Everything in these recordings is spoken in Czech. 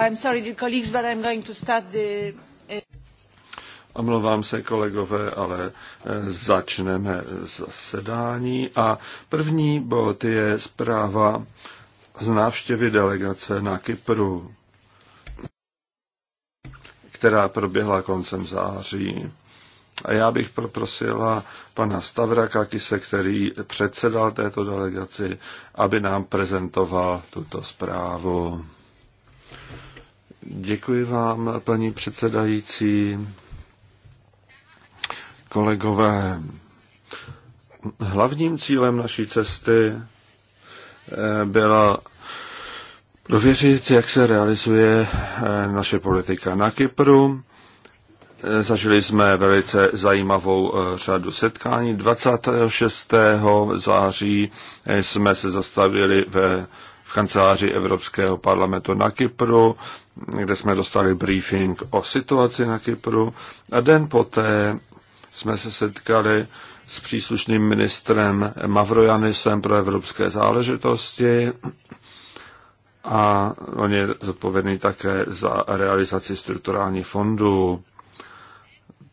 I'm Sorry, colleagues, but I'm going to start the... Uh, Omlouvám se, kolegové, ale eh, začneme zasedání. A první bod je zpráva z návštěvy delegace na Kypru, která proběhla koncem září. A já bych poprosila pana Stavra Kakise, který předsedal této delegaci, aby nám prezentoval tuto zprávu. Děkuji vám, paní předsedající. Kolegové, hlavním cílem naší cesty eh, byla Dověřit, jak se realizuje eh, naše politika na Kypru. Eh, zažili jsme velice zajímavou eh, řadu setkání. 26. září jsme se zastavili ve, v kanceláři Evropského parlamentu na Kypru, kde jsme dostali briefing o situaci na Kypru. A den poté jsme se setkali s příslušným ministrem Mavrojanisem pro evropské záležitosti a on je zodpovědný také za realizaci strukturálních fondů.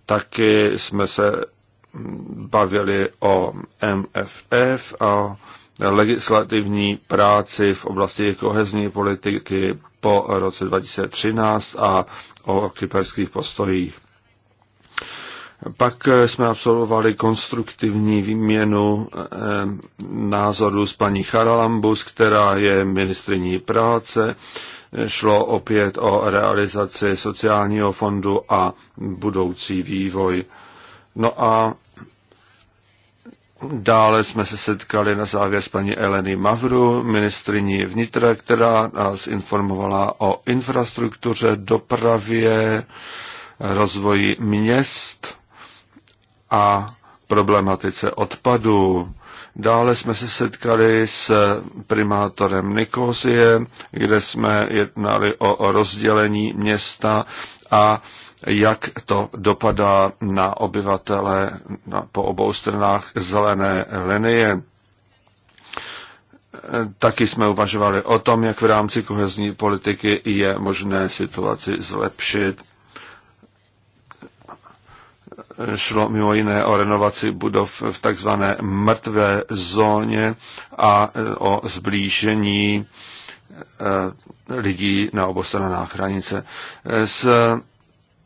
Taky jsme se bavili o MFF a legislativní práci v oblasti kohezní politiky po roce 2013 a o kyperských postojích. Pak eh, jsme absolvovali konstruktivní výměnu eh, názoru s paní Charalambus, která je ministriní práce. Šlo opět o realizaci sociálního fondu a budoucí vývoj. No a Dále jsme se setkali na závěr s paní Eleny Mavru, ministriní vnitra, která nás informovala o infrastruktuře, dopravě, rozvoji měst a problematice odpadu. Dále jsme se setkali s primátorem Nikosie, kde jsme jednali o rozdělení města a jak to dopadá na obyvatele na, po obou stranách zelené linie. Taky jsme uvažovali o tom, jak v rámci kohezní politiky je možné situaci zlepšit šlo mimo jiné o renovaci budov v takzvané mrtvé zóně a e, o zblížení e, lidí na obou hranice. E, s,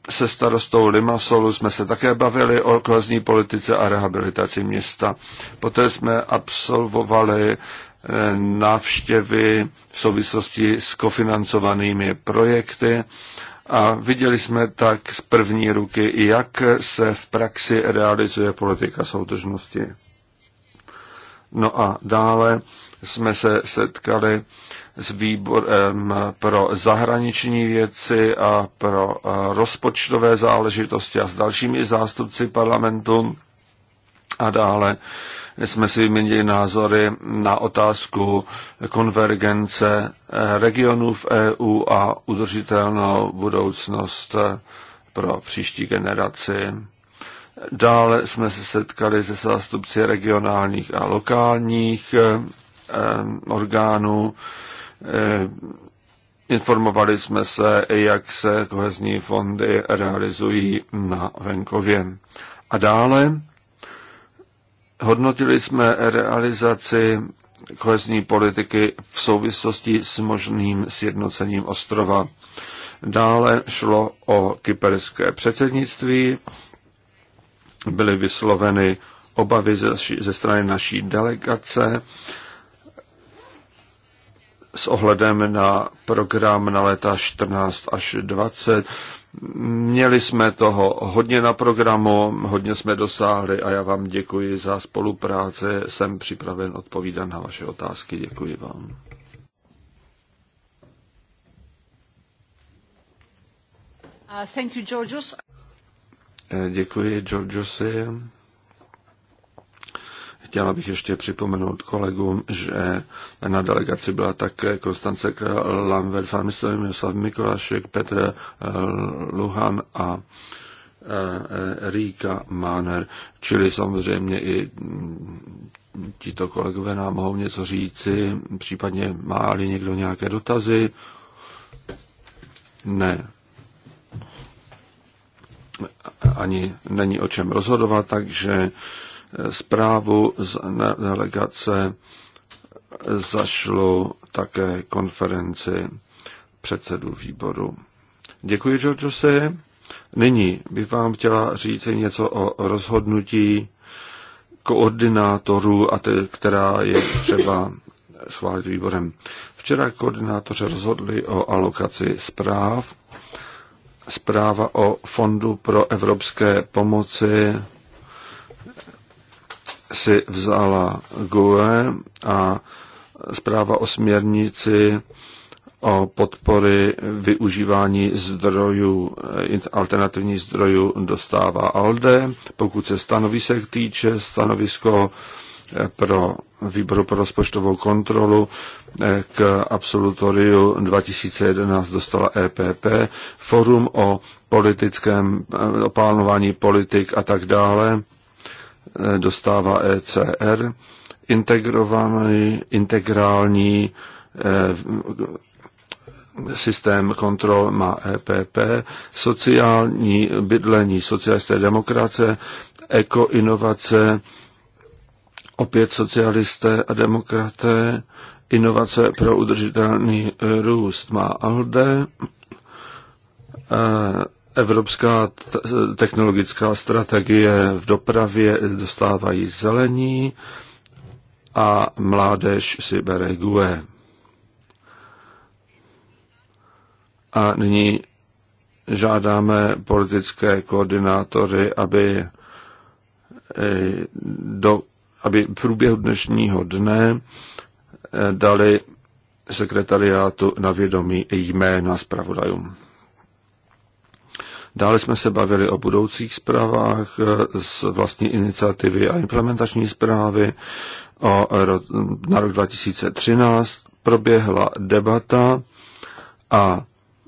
se starostou Limasolu jsme se také bavili o klasní politice a rehabilitaci města. Poté jsme absolvovali návštěvy v souvislosti s kofinancovanými projekty a viděli jsme tak z první ruky, jak se v praxi realizuje politika soudržnosti. No a dále jsme se setkali s výborem pro zahraniční věci a pro rozpočtové záležitosti a s dalšími zástupci parlamentu. A dále jsme si vyměnili názory na otázku konvergence eh, regionů v EU a udržitelnou budoucnost eh, pro příští generaci. Dále jsme se setkali se zástupci regionálních a lokálních eh, orgánů. Informovali jsme se, jak se kohezní fondy realizují na venkově. A dále Hodnotili jsme realizaci kohezní politiky v souvislosti s možným sjednocením ostrova. Dále šlo o kyperské předsednictví. Byly vysloveny obavy ze, ze strany naší delegace s ohledem na program na léta 14 až 20 Měli jsme toho hodně na programu, hodně jsme dosáhli a já vám děkuji za spolupráci. Jsem připraven odpovídat na vaše otázky. Děkuji vám. Uh, thank you, Georgios. Eh, děkuji, Georgiosi. Chtěla bych ještě připomenout kolegům, že na delegaci byla také Konstance Lambert, Farmistov, Miroslav Mikulášek, Petr eh, Luhan a eh, Ríka Máner, čili samozřejmě i mm, tito kolegové nám mohou něco říci, případně má-li někdo nějaké dotazy. Ne. Ani není o čem rozhodovat, takže Zprávu z delegace zašlu také konferenci předsedů výboru. Děkuji, Georgiose. Nyní bych vám chtěla říct něco o rozhodnutí koordinátorů, a te, která je třeba schválit výborem. Včera koordinátoři rozhodli o alokaci zpráv. Zpráva o Fondu pro evropské pomoci si vzala GUE a zpráva o směrnici o podpory využívání zdrojů, alternativní zdrojů dostává ALDE. Pokud se se týče, stanovisko eh, pro výboru pro rozpočtovou kontrolu eh, k absolutoriu 2011 dostala EPP, forum o politickém eh, o plánování politik a tak dále Eh, dostává ECR, integrovaný, integrální eh, systém kontrol má EPP, sociální bydlení, socialisté demokrace, ekoinovace, opět socialisté a demokraté, inovace pro udržitelný růst má ALDE, eh, Evropská technologická strategie v dopravě dostávají zelení a mládež si bere GUE. A nyní žádáme politické koordinátory, aby, eh, do, aby v průběhu dnešního dne eh, dali sekretariátu na vědomí jména zpravodajům. Dále jsme se bavili o budoucích zprávách eh, z vlastní iniciativy a implementační zprávy. O, na rok 2013 proběhla debata a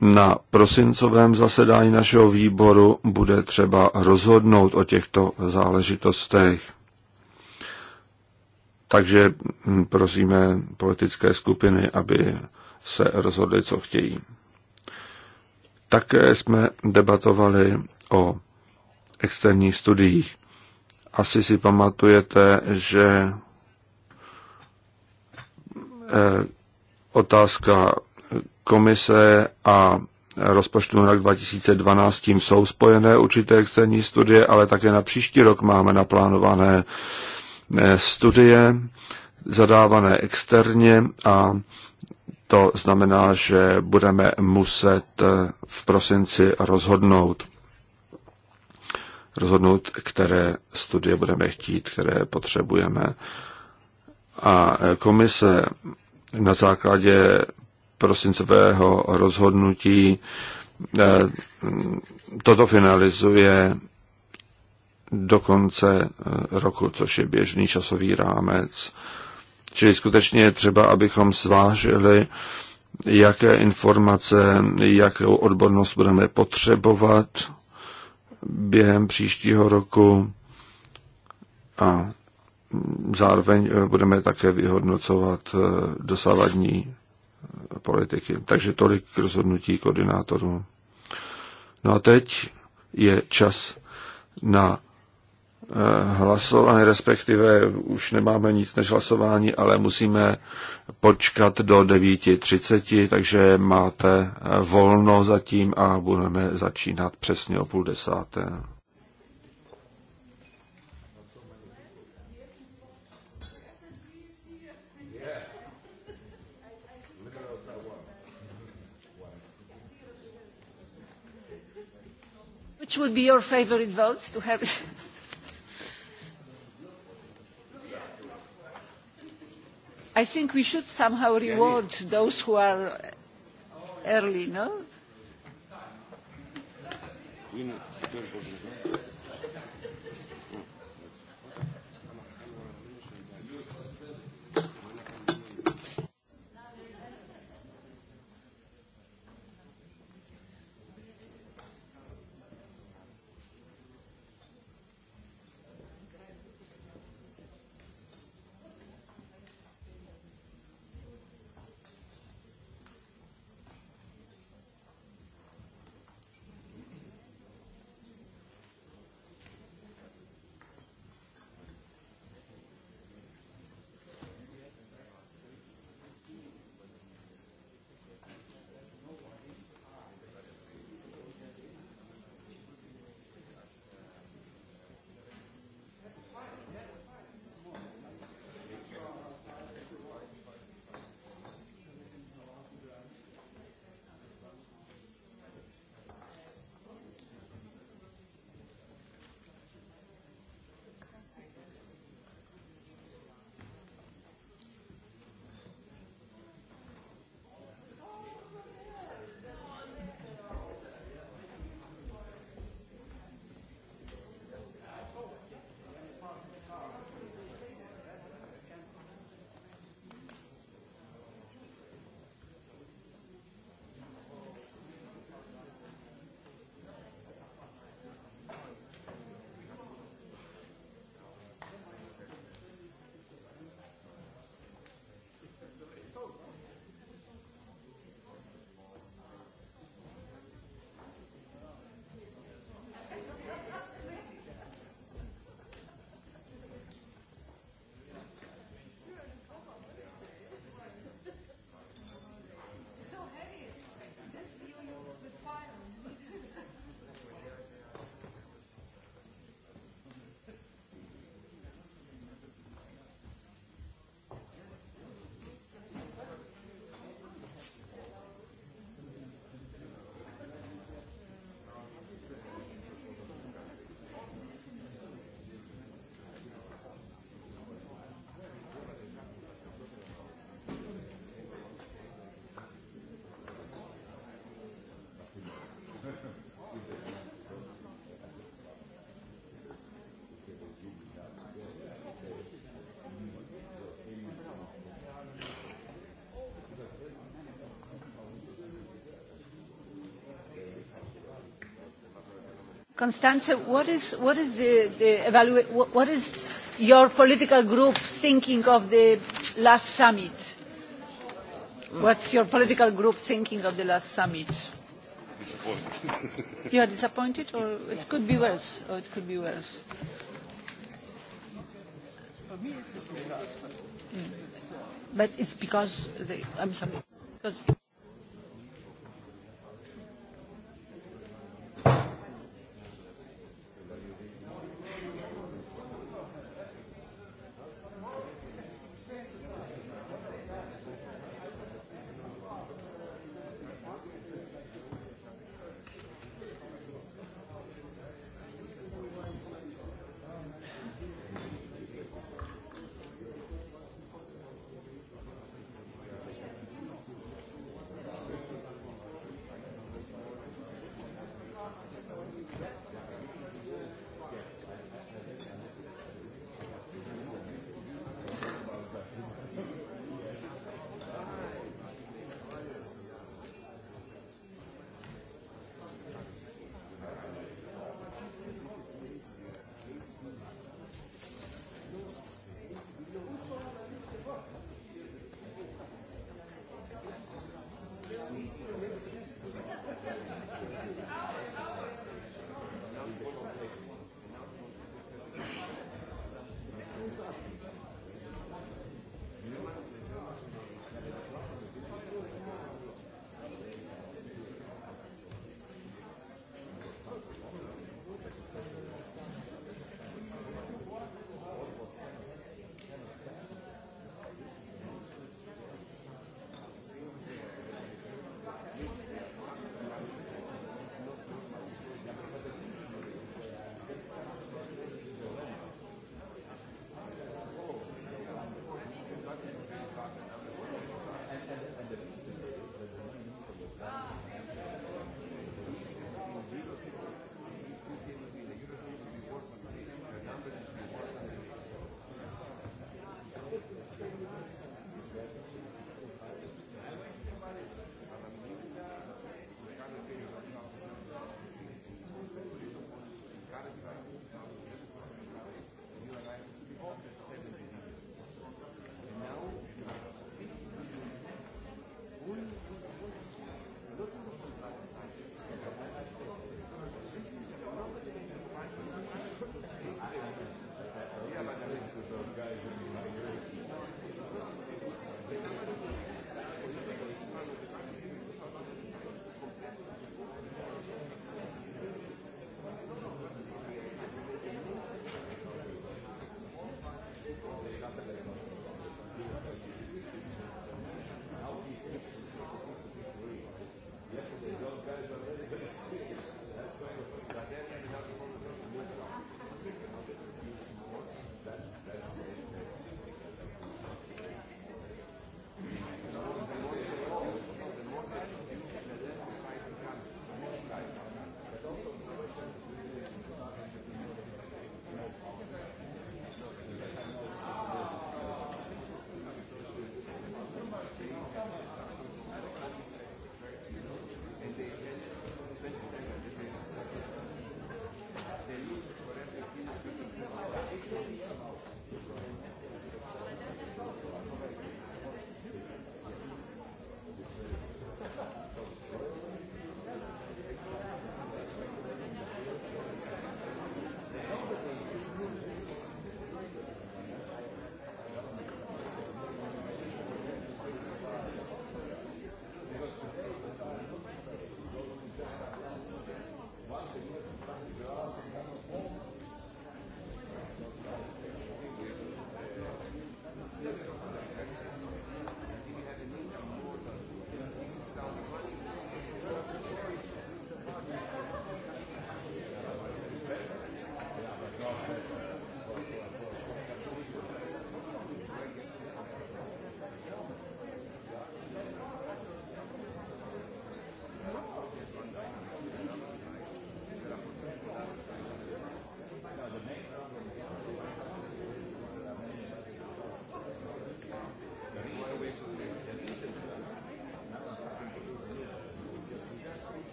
na prosincovém zasedání našeho výboru bude třeba rozhodnout o těchto záležitostech. Takže hm, prosíme politické skupiny, aby se rozhodli, co chtějí. Také jsme debatovali o externích studiích. Asi si pamatujete, že eh, otázka komise a rozpočtu na rok 2012 tím jsou spojené určité externí studie, ale také na příští rok máme naplánované eh, studie zadávané externě a to znamená, že budeme muset eh, v prosinci rozhodnout, rozhodnout, které studie budeme chtít, které potřebujeme. A eh, komise na základě prosincového rozhodnutí eh, toto finalizuje do konce roku, což je běžný časový rámec Čili skutečně je třeba, abychom zvážili, jaké informace, jakou odbornost budeme potřebovat během příštího roku a zároveň eh, budeme také vyhodnocovat eh, dosávadní eh, politiky. Takže tolik k rozhodnutí koordinátorů. No a teď je čas na Eh, hlasování, respektive už nemáme nic než hlasování, ale musíme počkat do 9.30, takže máte eh, volno zatím a budeme začínat přesně o půl desáté. Which would be your favorite votes to have I think we should somehow reward those who are early, no? Constanze, what is, what is, the, the evaluate, what is your political group thinking of the last summit? What's your political group thinking of the last summit? Disappointed. you are disappointed, or it could be worse, or it could be worse. For me, it's a disaster. Mm. But it's because they, I'm sorry. Because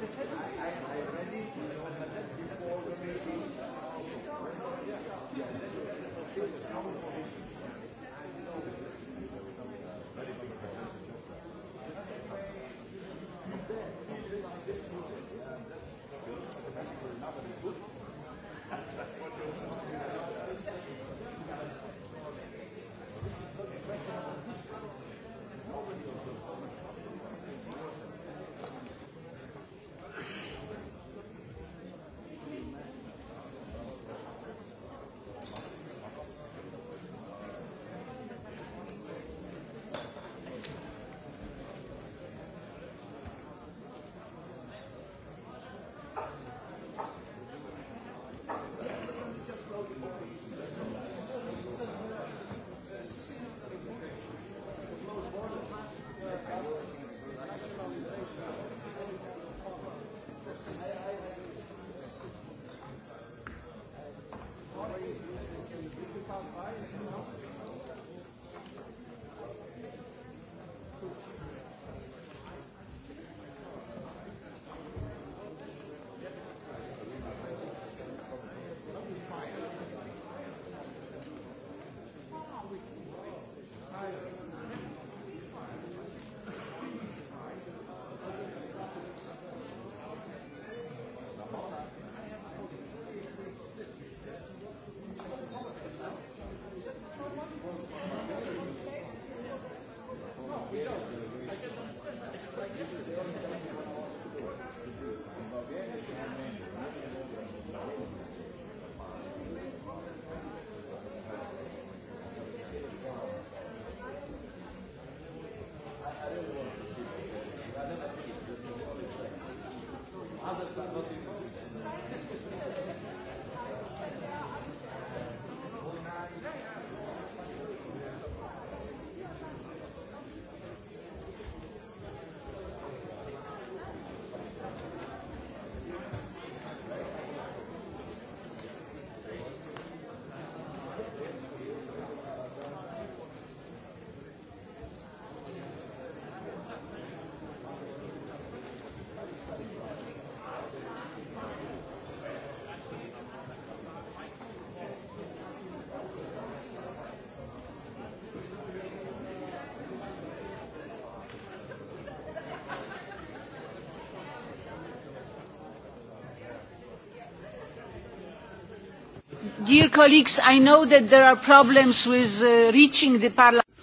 Thank you.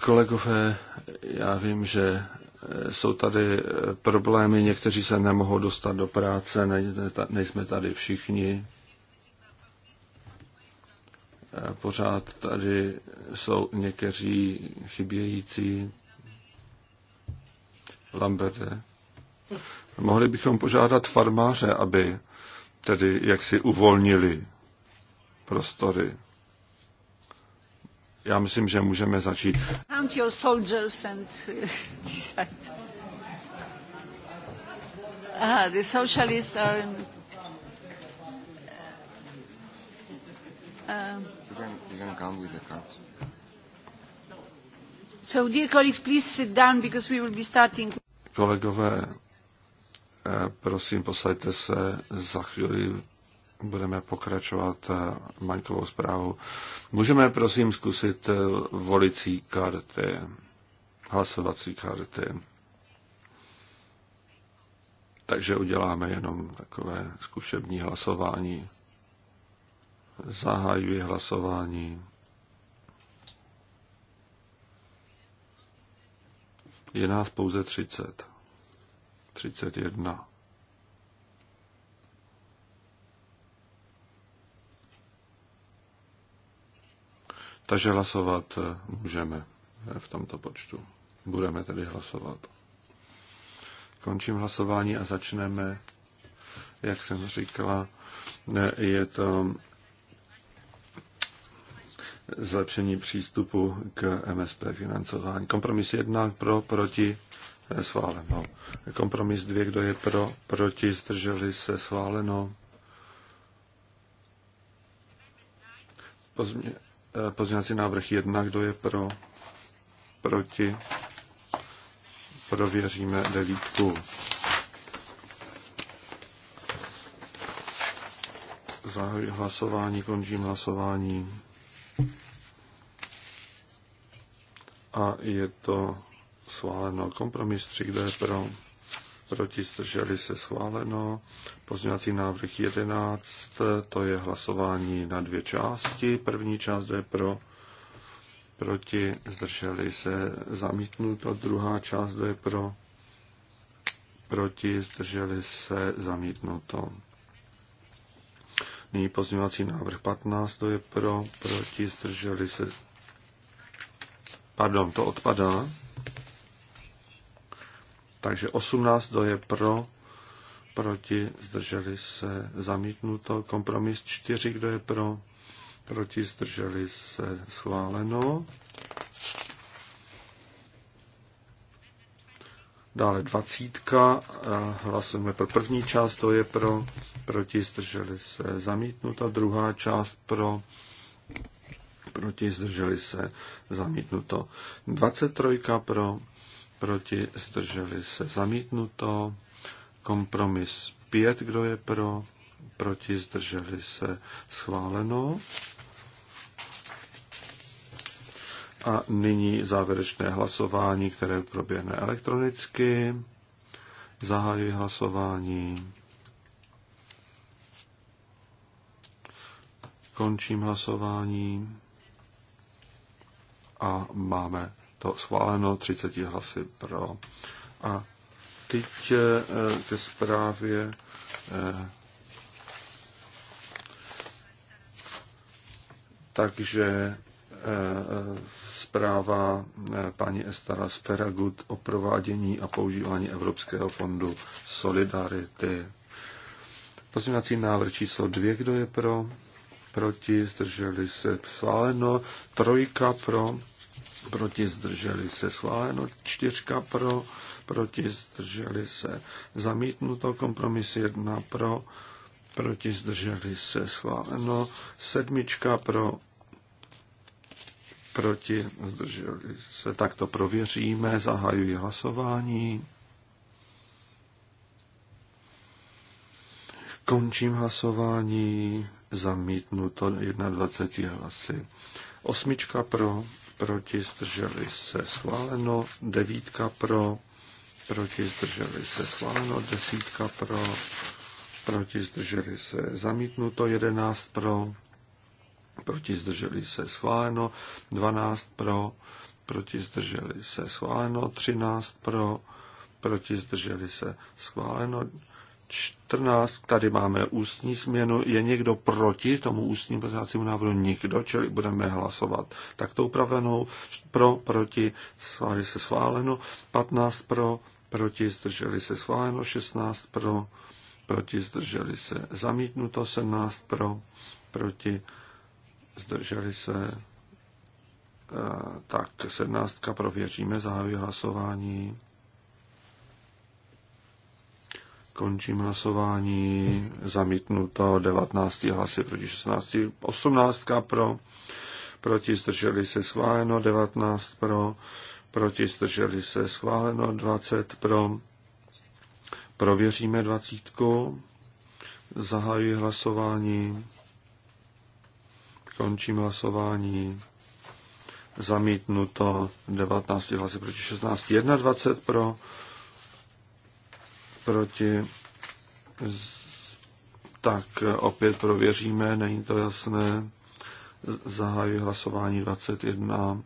Kolegové, já vím, že eh, jsou tady eh, problémy, někteří se nemohou dostat do práce, nejsme tady všichni. Eh, pořád tady jsou někteří chybějící. Lamberte. Mohli bychom požádat farmáře, aby tedy jaksi uvolnili prostory. Já myslím, že můžeme začít. Count your soldiers and uh, Aha, the socialists are in... Um, you, can, you can count with the cards. So, dear colleagues, please sit down because we will be starting. Kolegové, eh, prosím, posaďte se za chvíli budeme pokračovat eh, Maňkovou zprávou. Můžeme prosím zkusit eh, volicí karty, hlasovací karty. Takže uděláme jenom takové zkušební hlasování. Zahajuji hlasování. Je nás pouze 30. 31. Takže hlasovat eh, můžeme eh, v tomto počtu. Budeme tedy hlasovat. Končím hlasování a začneme, jak jsem říkala, eh, je to zlepšení přístupu k MSP financování. Kompromis 1 pro, proti, schváleno. Kompromis 2, kdo je pro, proti, zdrželi se, schváleno. Pozmě, Eh, pozměňovací návrh 1, kdo je pro, proti, prověříme devítku. Zahajuji hlasování, končím hlasování. A je to schváleno. Kompromis 3, kdo je pro, proti, zdrželi se schváleno. Pozměňovací návrh 11, to je hlasování na dvě části. První část je pro, proti, zdrželi se zamítnuto. Druhá část je pro, proti, zdrželi se zamítnuto. Nyní pozměňovací návrh 15, to je pro, proti, zdrželi se. Pardon, to odpadá. Takže 18, do je pro, proti, zdrželi se, zamítnuto. Kompromis 4, kdo je pro, proti, zdrželi se, schváleno. Dále 20, hlasujeme pro první část, to je pro, proti, zdrželi se, zamítnuto. Druhá část pro, proti, zdrželi se, zamítnuto. 23 pro, proti, zdrželi se zamítnuto. Kompromis 5, kdo je pro, proti, zdrželi se schváleno. A nyní závěrečné hlasování, které proběhne elektronicky. Zahajuji hlasování. Končím hlasování. A máme to schváleno 30 hlasy pro. A teď eh, ke zprávě eh, takže eh, zpráva paní Estara Sferagut o provádění a používání Evropského fondu Solidarity. Pozměňovací návrh číslo dvě, kdo je pro? Proti, zdrželi se, sváleno Trojka pro, proti zdrželi se schváleno, čtyřka pro, proti zdrželi se zamítnuto, kompromis jedna pro, proti zdrželi se schváleno, sedmička pro, proti zdrželi se, tak to prověříme, zahajuji hlasování. Končím hlasování, zamítnuto 21 hlasy. Osmička pro, proti, zdrželi se schváleno, devítka pro, proti, zdrželi se schváleno, desítka pro, proti, zdrželi se zamítnuto, jedenáct pro, proti, zdrželi se schváleno, dvanáct pro, proti, zdrželi se schváleno, třináct pro, proti, zdrželi se schváleno, 14, tady máme ústní změnu. Je někdo proti tomu ústnímu pozvacímu návrhu? Nikdo, čili budeme hlasovat takto upravenou. Pro, proti, schválili se schváleno. 15 pro, proti, zdrželi se schváleno. 16 pro, proti, zdrželi se zamítnuto. 17 pro, proti, zdrželi se. Eh, tak 17 prověříme, zahájí hlasování. Končím hlasování. Zamítnuto 19 hlasy proti 16. 18 pro. Proti zdrželi se schváleno 19 pro. Proti zdrželi se schváleno 20 pro. Prověříme 20. Zahajuji hlasování. Končím hlasování. Zamítnuto 19 hlasy proti 16. 21 pro proti, tak opět prověříme, není to jasné. Zahajuji hlasování 21,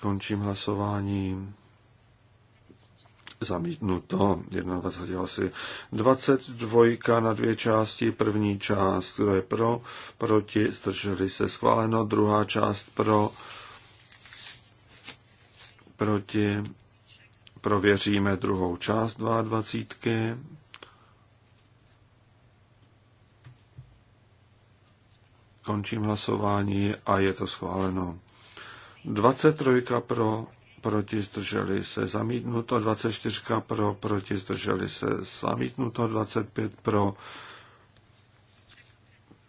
končím hlasování zamítnuto 21 hlasy. 22 na dvě části, první část, kdo je pro, proti, zdrželi se schváleno, druhá část pro, proti, prověříme druhou část 22. Končím hlasování a je to schváleno. 23 pro, proti zdrželi se zamítnuto, 24 pro, proti zdrželi se zamítnuto, 25 pro,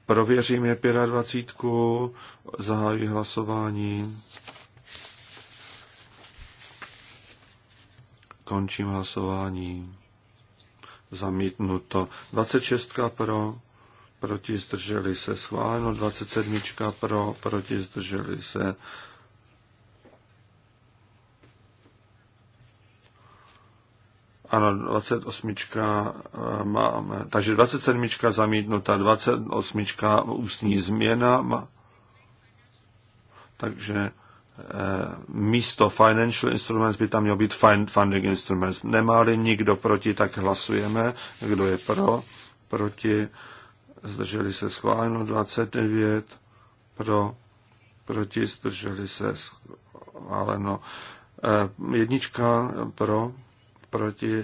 prověříme 25, zahájí hlasování. Končím hlasování. Zamítnuto. 26 pro, proti zdrželi se schváleno. 27 pro, proti zdrželi se Ano, 28 máme, takže 27 zamítnuta, 28 ústní změna, takže místo financial instruments by tam mělo být funding instruments. Nemá-li nikdo proti, tak hlasujeme. Kdo je pro? Proti? Zdrželi se schváleno 29. Pro? Proti? Zdrželi se schváleno. Eh, jednička pro? Proti?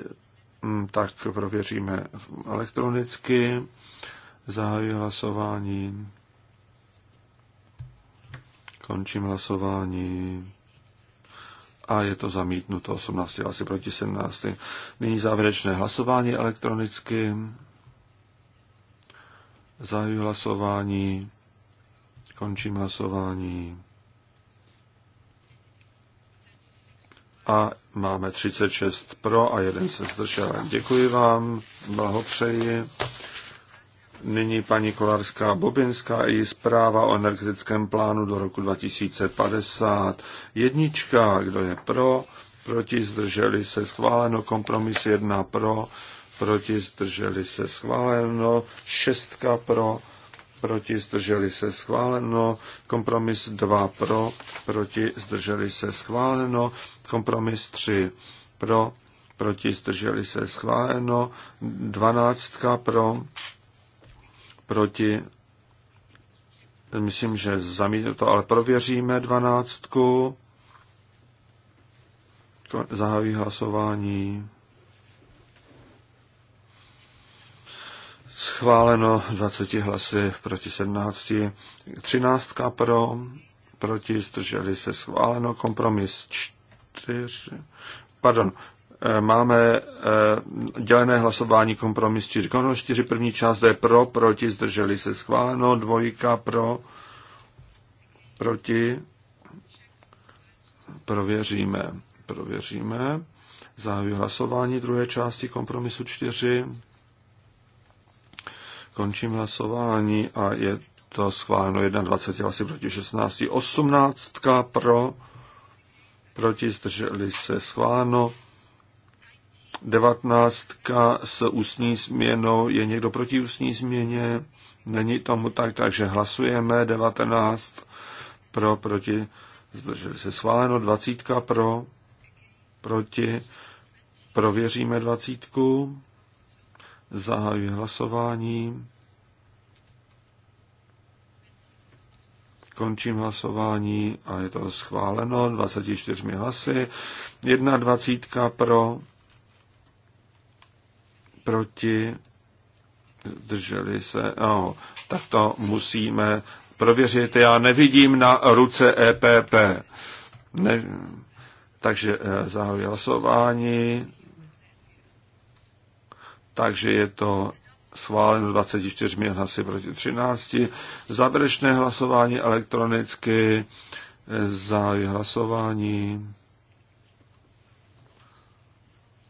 Hm, tak prověříme elektronicky. Zahajuji hlasování. Končím hlasování. A je to zamítnuto 18 hlasy proti 17. Nyní závěrečné hlasování elektronicky. Zahajuji hlasování. Končím hlasování. A máme 36 pro a jeden se zdržel. Děkuji vám, blahopřeji. Nyní paní Kolarská Bobinská i zpráva o energetickém plánu do roku 2050. Jednička, kdo je pro, proti zdrželi se schváleno, kompromis jedna pro, proti zdrželi se schváleno, šestka pro, proti zdrželi se schváleno, kompromis 2 pro, proti zdrželi se schváleno, kompromis 3 pro, proti zdrželi se schváleno, dvanáctka pro, proti, myslím, že zamítne to, ale prověříme dvanáctku. Zahájí hlasování. Schváleno 20 hlasy proti 17. 13 pro, proti, zdrželi se schváleno, kompromis 4, pardon, Eh, máme eh, dělené hlasování kompromis 4. Kompromis 4 první část to je pro, proti, zdrželi se schváleno, dvojka pro, proti, prověříme, prověříme. Zahajuji hlasování druhé části kompromisu 4. Končím hlasování a je to schváleno 21 hlasy proti 16. 18 pro, proti zdrželi se schváleno. Devatnáctka s ústní změnou. Je někdo proti ústní změně? Není tomu tak, takže hlasujeme. 19 pro, proti, zdrželi se schváleno. 20 pro, proti, prověříme 20. Zahajuji hlasování. Končím hlasování a je to schváleno 24 hlasy. 21 pro, proti, drželi se, no, tak to musíme prověřit. Já nevidím na ruce EPP. Ne, takže eh, zahajuji hlasování. Takže je to schváleno 24 hlasy proti 13. Závěrečné hlasování elektronicky. Eh, zahajuji hlasování.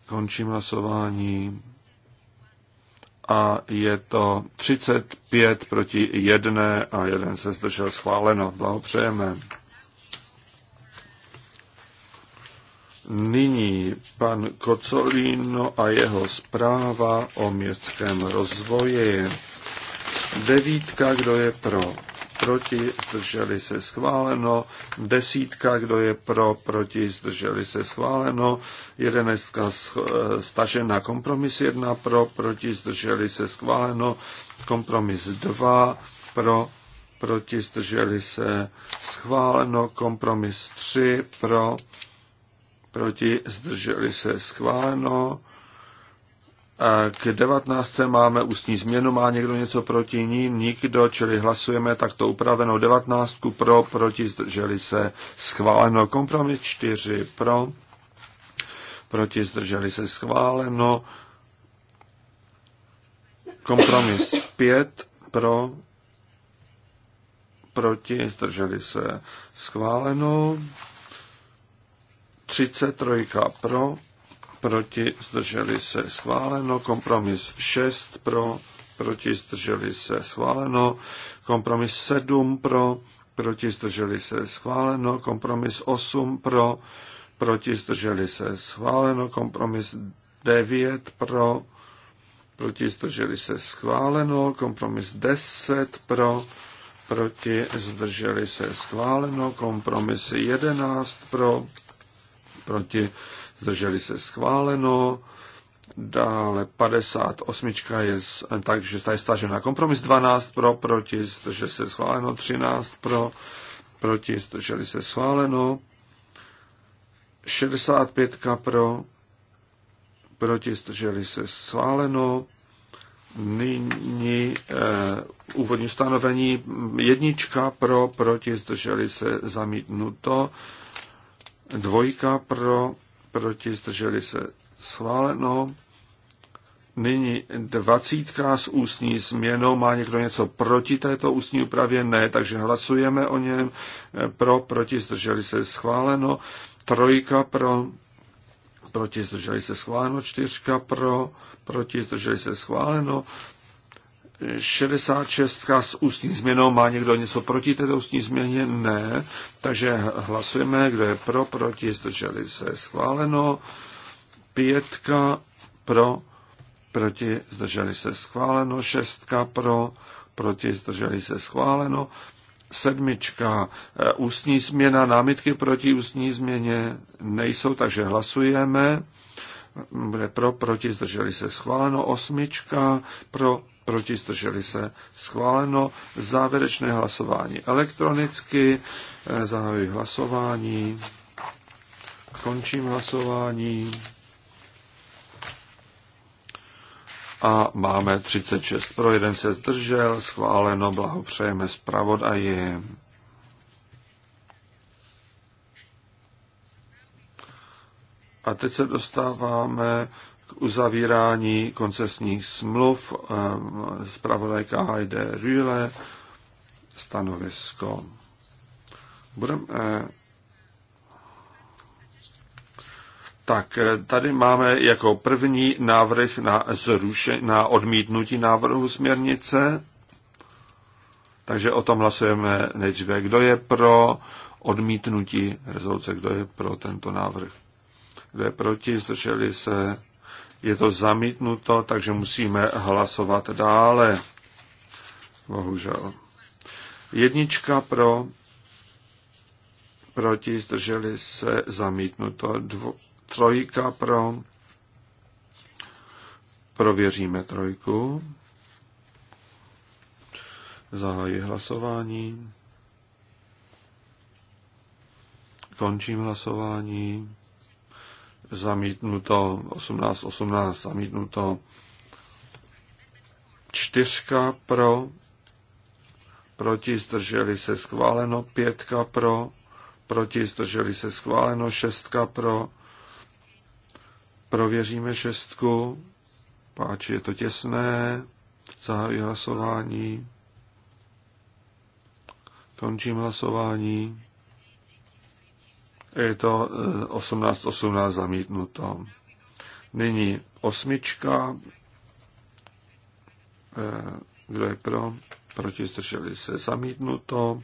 Končím hlasování a je to 35 proti 1 a jeden se zdržel schváleno. Blahopřejeme. Nyní pan Kocolino a jeho zpráva o městském rozvoji. Devítka, kdo je pro? proti, zdrželi se schváleno, desítka, kdo je pro, proti, zdrželi se schváleno, jedenestka stažena, kompromis jedna pro, proti, zdrželi se schváleno, kompromis dva pro, proti, zdrželi se schváleno, kompromis tři pro, proti, zdrželi se schváleno, k 19. máme ústní změnu, má někdo něco proti ní? Nikdo, čili hlasujeme takto upravenou 19. pro, proti, zdrželi se, schváleno. Kompromis 4 pro, proti, zdrželi se, schváleno. Kompromis 5 pro, proti, zdrželi se, schváleno. 33 pro, proti, zdrželi se schváleno, kompromis 6 pro, proti, zdrželi se schváleno, kompromis 7 pro, proti, zdrželi se schváleno, kompromis 8 pro, proti, zdrželi se schváleno, kompromis 9 pro, proti, zdrželi se schváleno, kompromis 10 pro, proti, zdrželi se schváleno, kompromis 11 pro, proti, zdrželi se, schváleno zdrželi se schváleno, dále 58 je, takže ta je stažena kompromis 12 pro, proti, zdrželi se schváleno, 13 pro, proti, zdrželi se schváleno, 65 pro, proti, zdrželi se schváleno, nyní e, úvodní stanovení jednička pro, proti, zdrželi se zamítnuto, dvojka pro, proti, zdrželi se schváleno. Nyní dvacítka s ústní změnou. Má někdo něco proti této ústní úpravě? Ne, takže hlasujeme o něm. Pro, proti, zdrželi se schváleno. Trojka pro, proti, zdrželi se schváleno. Čtyřka pro, proti, zdrželi se schváleno. 66 s ústní změnou. Má někdo něco proti této ústní změně? Ne. Takže hlasujeme, kdo je pro, proti, zdrželi se, schváleno. Pětka pro, proti, zdrželi se, schváleno. Šestka pro, proti, zdrželi se, schváleno. Sedmička, eh, ústní změna, námitky proti ústní změně nejsou, takže hlasujeme bude pro, proti, zdrželi se schváleno, osmička, pro, proti zdrželi se schváleno. Závěrečné hlasování elektronicky, eh, zahajuji hlasování, končím hlasování a máme 36 pro, jeden se zdržel, schváleno, blahopřejeme zpravodaji. A teď se dostáváme uzavírání koncesních smluv ehm, zpravodajka Heide Rühle stanovisko. Budem, eh, tak tady máme jako první návrh na, zruše, na odmítnutí návrhu směrnice. Takže o tom hlasujeme nejdříve. Kdo je pro odmítnutí rezoluce? Kdo je pro tento návrh? Kdo je proti? Zdrželi se? Je to zamítnuto, takže musíme hlasovat dále. Bohužel. Jednička pro, proti, zdrželi se, zamítnuto. Dvo, trojka pro, prověříme trojku. Zahájí hlasování. Končím hlasování zamítnuto, 18, 18 zamítnuto, čtyřka pro, proti zdrželi se schváleno, pětka pro, proti zdrželi se schváleno, šestka pro, prověříme šestku, páči je to těsné, zahájí hlasování, končím hlasování, je to 18.18 eh, 18 zamítnuto. Nyní osmička. Eh, kdo je pro? Proti zdrželi se zamítnuto.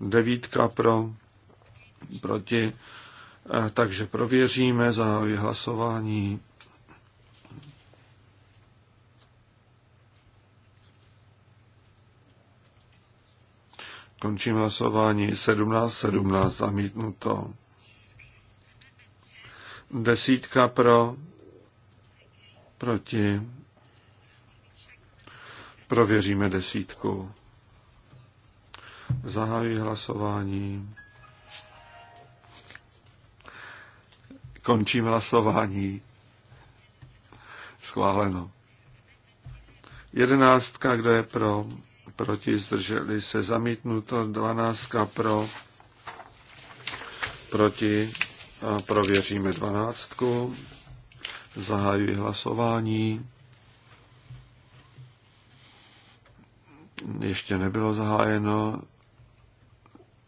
Devítka pro. Proti. Eh, takže prověříme, zahajuji hlasování. Končím hlasování 17, 17 zamítnuto. Desítka pro, proti. Prověříme desítku. Zahajuji hlasování. Končím hlasování. Schváleno. Jedenáctka, kdo je pro? proti, zdrželi se zamítnuto, 12 pro, proti, a prověříme 12. Zahajuji hlasování. Ještě nebylo zahájeno,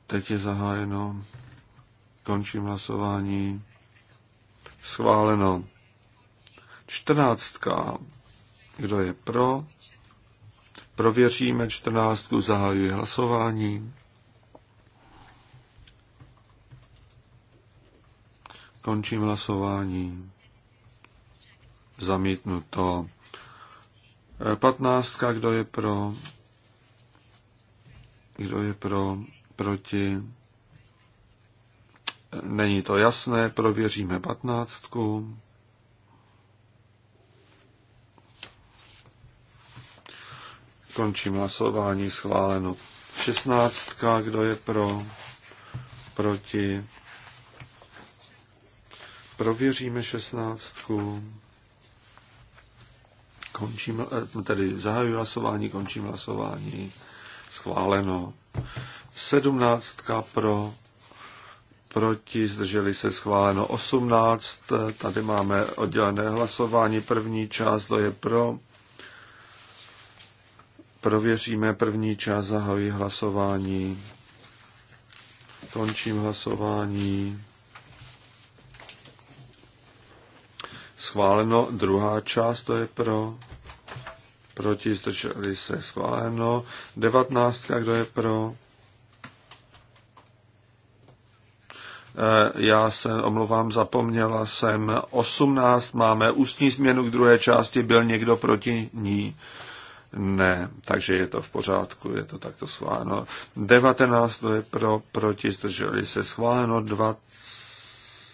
teď je zahájeno. Končím hlasování. Schváleno. Čtrnáctka. Kdo je pro? Prověříme čtrnáctku, Zahajuji hlasování. Končím hlasování. zamítnu to. Patnáctka, Kdo je pro? Kdo je pro? Proti? Není to jasné, prověříme patnáctku. Končím hlasování, schváleno. 16. Kdo je pro? Proti? Prověříme 16. Končím, eh, tedy zahajuji hlasování, končím hlasování. Schváleno. 17. pro, proti, zdrželi se schváleno 18. Eh, tady máme oddělené hlasování. První část, to je pro, Prověříme první část, zahojí hlasování. Končím hlasování. Schváleno druhá část, to je pro. Proti zdrželi se schváleno. Devatnáctka, kdo je pro? Eh, já se omlouvám, zapomněla jsem. 18 máme ústní změnu k druhé části, byl někdo proti ní. Ne, takže je to v pořádku, je to takto schváleno. 19 to je pro, proti, zdrželi se schváleno, 20,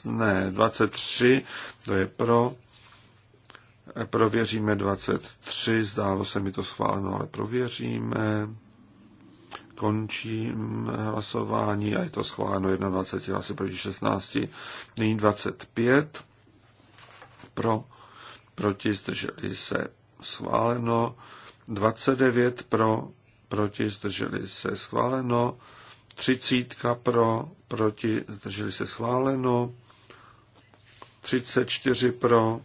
ne, 23 to je pro, prověříme 23, zdálo se mi to schváleno, ale prověříme. Končím hlasování a je to schváleno 21 hlasy proti 16. Nyní 25 pro, proti, zdrželi se schváleno. 29 pro, proti, zdrželi se schváleno, 30 pro, proti, zdrželi se schváleno, 34 pro,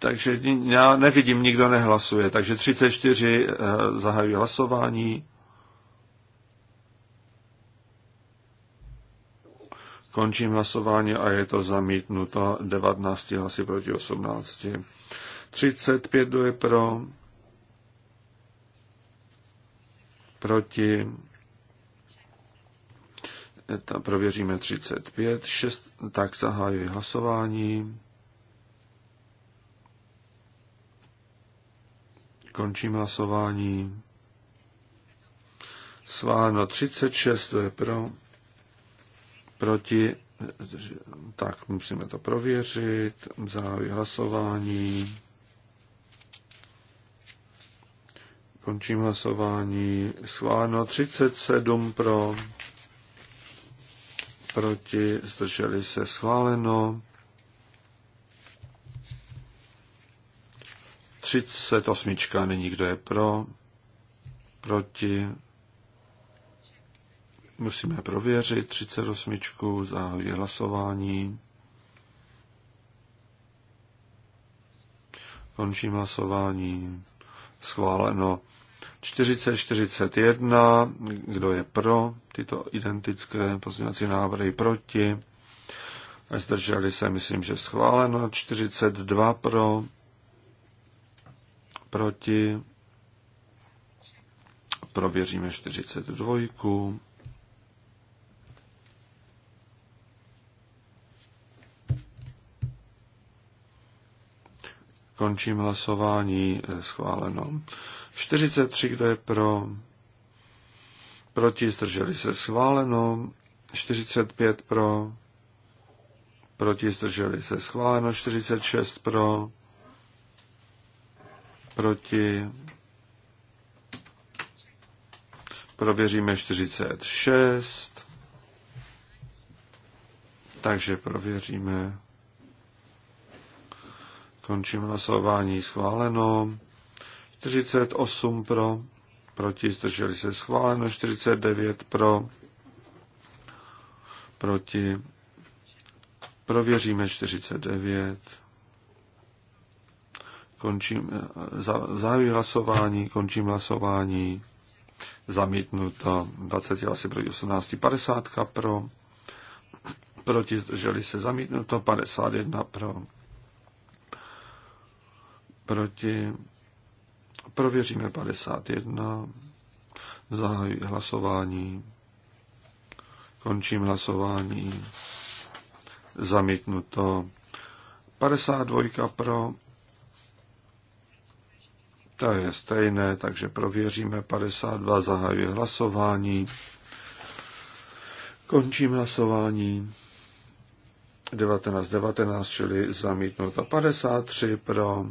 Takže já nevidím, nikdo nehlasuje. Takže 34 eh, zahajuji hlasování. Končím hlasování a je to zamítnuto 19 hlasy proti 18. 35 je pro, proti, tam prověříme 35, 6, tak zahajuji hlasování. Končím hlasování. Sváno 36, to je pro proti, tak musíme to prověřit, zahájí hlasování, končím hlasování, schváleno 37 pro, proti, zdrželi se schváleno, 38 nyní kdo je pro, proti, Musíme prověřit 38. Zahajuji hlasování. Končím hlasování. Schváleno. 4041, kdo je pro tyto identické pozměňovací návrhy, proti. Zdrželi se, myslím, že schváleno. 42 pro, proti. Prověříme 42. Končím hlasování. Schváleno. 43, kdo je pro? Proti, zdrželi se. Schváleno. 45 pro. Proti, zdrželi se. Schváleno. 46 pro. Proti. Prověříme 46. Takže prověříme. Končím hlasování schváleno. 48 pro, proti zdrželi se schváleno, 49 pro, proti. Prověříme 49. Končím, zahajuji hlasování, končím hlasování. Zamítnuto 20 asi proti 18, 50 pro, proti zdrželi se zamítnuto, 51 pro proti, prověříme 51, zahajuji hlasování, končím hlasování, zamítnuto, 52 pro, to je stejné, takže prověříme 52, zahajuji hlasování, končím hlasování, 19, 19, čili zamítnuto 53 pro,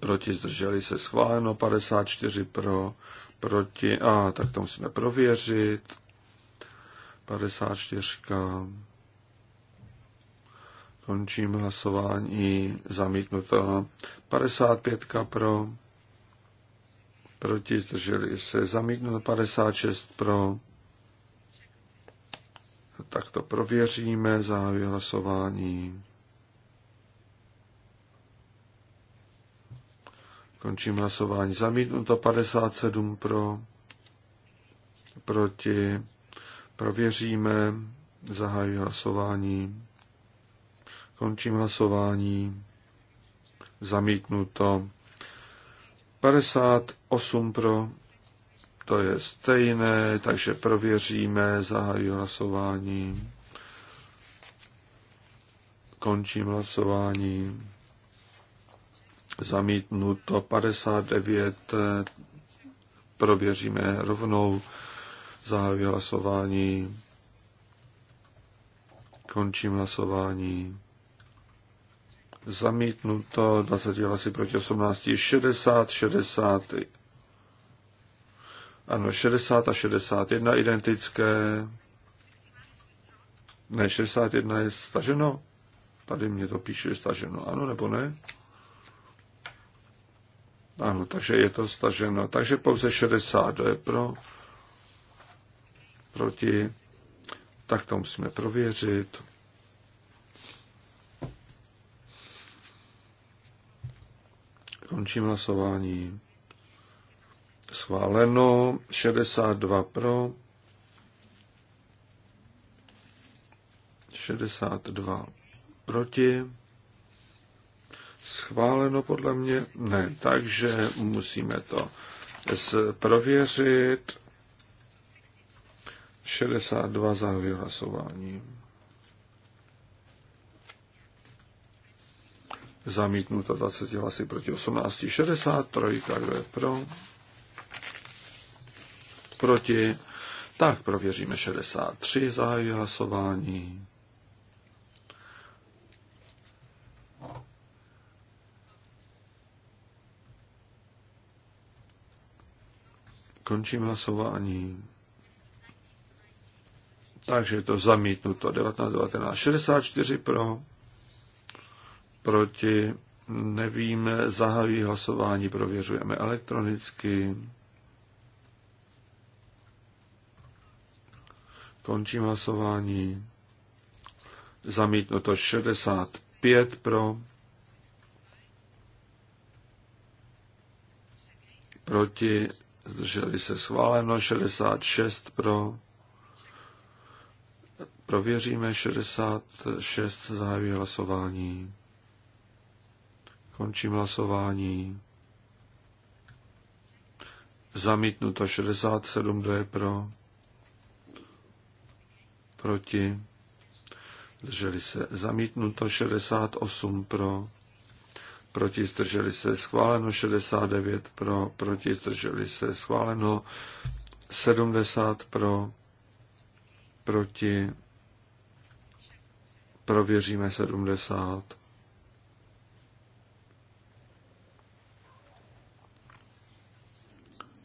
proti zdrželi se schváleno, 54 pro, proti, a tak to musíme prověřit, 54. Končím hlasování zamítnuto. 55 pro, proti zdrželi se zamítnuto, 56 pro, tak to prověříme, zahájí hlasování. Končím hlasování. Zamítnuto 57 pro, proti. Prověříme. Zahajuji hlasování. Končím hlasování. Zamítnuto. 58 pro. To je stejné, takže prověříme. Zahajuji hlasování. Končím hlasování zamítnuto 59, eh, prověříme rovnou, zahajuji hlasování, končím hlasování, zamítnuto 20 hlasy proti 18, 60, 60, ano, 60 a 61 identické, ne, 61 je staženo, tady mě to píše staženo, ano nebo ne? Ano, takže je to staženo. Takže pouze 60 je pro, proti, tak to musíme prověřit. Končím hlasování. Schváleno 62 pro, 62 proti schváleno podle mě? Ne, takže musíme to prověřit. 62 zahajuje hlasování. Zamítnuto 20 hlasy proti 18. 63, kdo je pro? Proti. Tak prověříme 63, zahajuje hlasování. Končím hlasování. Takže je to zamítnuto. 19, 19. 64 pro, proti, nevím, zahajují hlasování, prověřujeme elektronicky. Končím hlasování. Zamítnuto 65 pro, proti zdrželi se schváleno, 66 pro, prověříme 66, zahájí hlasování. Končím hlasování. Zamítnuto 67, kdo je pro? Proti? Drželi se. Zamítnuto 68 pro proti zdrželi se schváleno, 69 pro, proti zdrželi se schváleno, 70 pro, proti, prověříme 70.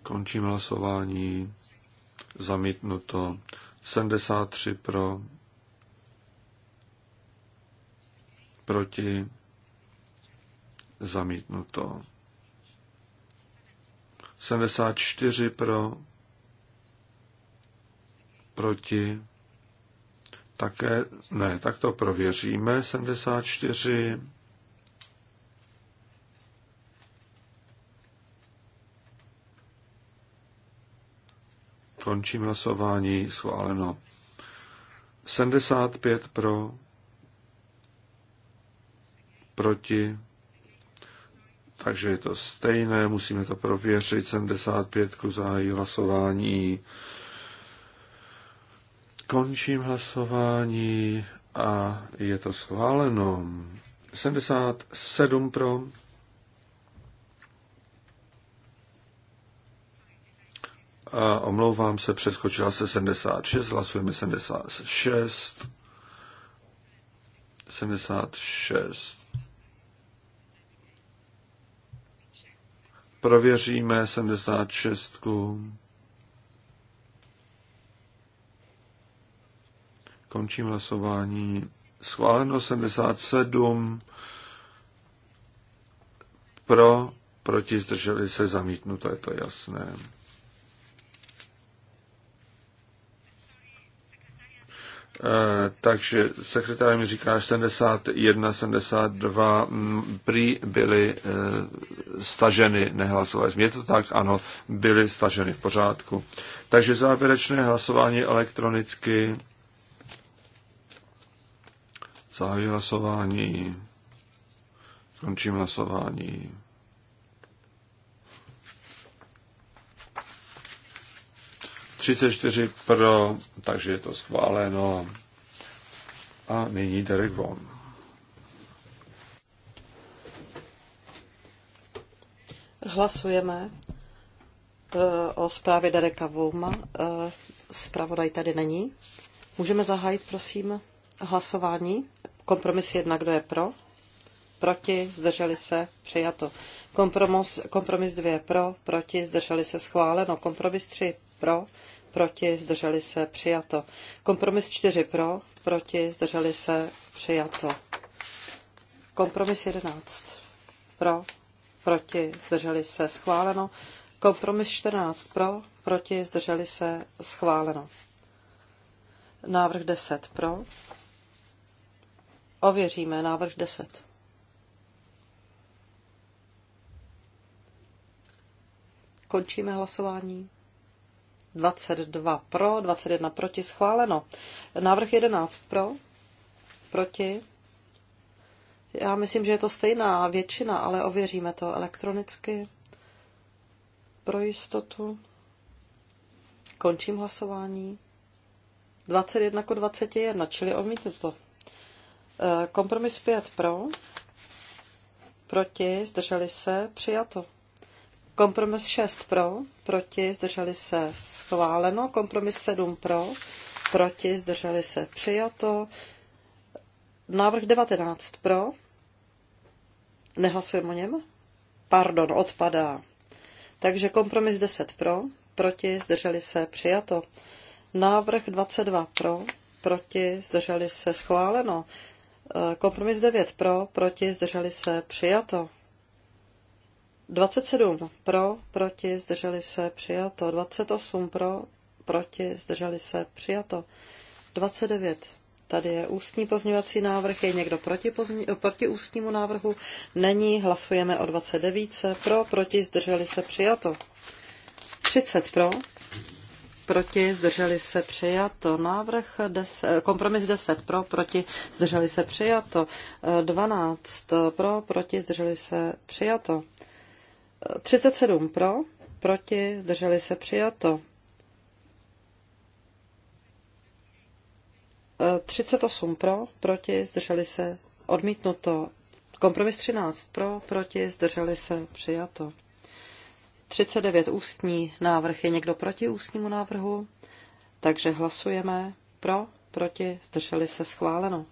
Končím hlasování. Zamítnuto. 73 pro. Proti zamítnuto. 74 pro, proti, také, ne, tak to prověříme, 74 Končím hlasování, schváleno. 75 pro, proti, takže je to stejné, musíme to prověřit, 75 zahájí hlasování. Končím hlasování a je to schváleno. 77 pro, A omlouvám se, přeskočila se 76, hlasujeme 76. 76. Prověříme 76. Končím hlasování. Schváleno 77. Pro, proti, zdrželi se, zamítnuto, je to jasné. Eh, takže sekretář mi říká, že 71, 72 mm, prý byly eh, staženy, nehlasovali jsme. Je to tak? Ano, byly staženy v pořádku. Takže závěrečné hlasování elektronicky. Zahajuji hlasování. Končím hlasování. 34 pro, takže je to schváleno. A nyní Derek Von. Hlasujeme eh, o zprávě Dereka Vouma. Eh, zpravodaj tady není. Můžeme zahájit, prosím, hlasování. Kompromis jedna, kdo je pro? Proti, zdrželi se, přijato. Kompromis, kompromis dvě pro, proti, zdrželi se, schváleno. Kompromis tři pro, proti, zdrželi se, přijato. Kompromis 4 pro, proti, zdrželi se, přijato. Kompromis 11 pro, proti, zdrželi se, schváleno. Kompromis 14 pro, proti, zdrželi se, schváleno. Návrh 10 pro. Ověříme návrh 10. Končíme hlasování. 22 pro, 21 proti, schváleno. Návrh 11 pro, proti. Já myslím, že je to stejná většina, ale ověříme to elektronicky. Pro jistotu. Končím hlasování. 21 k 21, čili odmítnuto. E, kompromis 5 pro, proti, zdrželi se, přijato. Kompromis 6 pro, proti, zdrželi se schváleno. Kompromis 7 pro, proti, zdrželi se přijato. Návrh 19 pro. Nehlasujeme o něm? Pardon, odpadá. Takže kompromis 10 pro, proti, zdrželi se přijato. Návrh 22 pro, proti, zdrželi se schváleno. Eh, kompromis 9 pro, proti, zdrželi se přijato. 27 pro, proti, zdrželi se, přijato. 28 pro, proti, zdrželi se, přijato. 29. Tady je ústní pozměňovací návrh. Je někdo proti, pozmě, proti ústnímu návrhu? Není. Hlasujeme o 29. Pro, proti, zdrželi se, přijato. 30 pro, proti, zdrželi se přijato. Návrh des, kompromis 10 pro, proti, zdrželi se přijato. 12 pro, proti, zdrželi se přijato. 37 pro, proti, zdrželi se přijato. 38 pro, proti, zdrželi se odmítnuto. Kompromis 13 pro, proti, zdrželi se přijato. 39 ústní návrh. Je někdo proti ústnímu návrhu? Takže hlasujeme pro, proti, zdrželi se schváleno.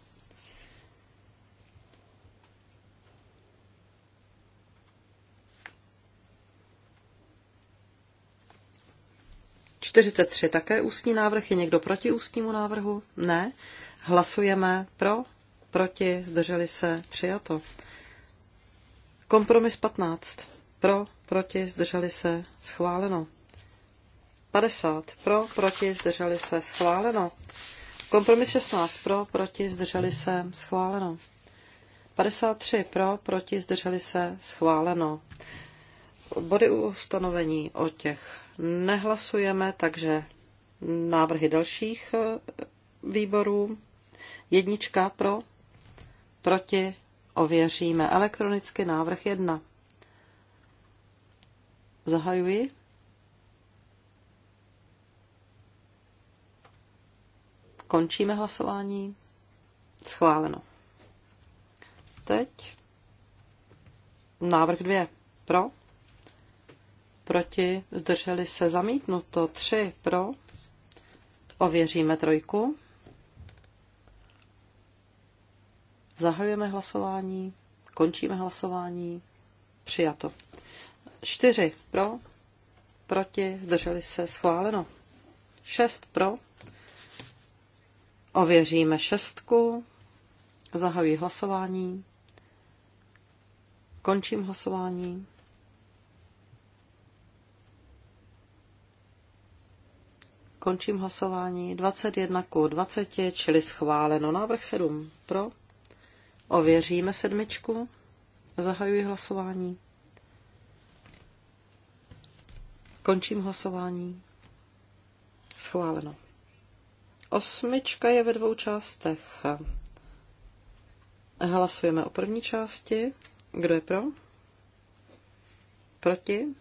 43 také ústní návrh. Je někdo proti ústnímu návrhu? Ne. Hlasujeme pro, proti, zdrželi se, přijato. Kompromis 15. Pro, proti, zdrželi se, schváleno. 50. Pro, proti, zdrželi se, schváleno. Kompromis 16. Pro, proti, zdrželi se, schváleno. 53. Pro, proti, zdrželi se, schváleno. Body ustanovení o těch nehlasujeme, takže návrhy dalších eh, výborů. Jednička pro, proti, ověříme elektronicky návrh jedna. Zahajuji. Končíme hlasování. Schváleno. Teď návrh dvě. Pro proti, zdrželi se zamítnuto, tři pro, ověříme trojku. Zahajujeme hlasování, končíme hlasování, přijato. Čtyři pro, proti, zdrželi se, schváleno. Šest pro, ověříme šestku, zahajuji hlasování, končím hlasování, Končím hlasování 21 ku 20, čili schváleno. Návrh 7 pro. Ověříme sedmičku. Zahajuji hlasování. Končím hlasování. Schváleno. Osmička je ve dvou částech. Hlasujeme o první části. Kdo je pro? Proti?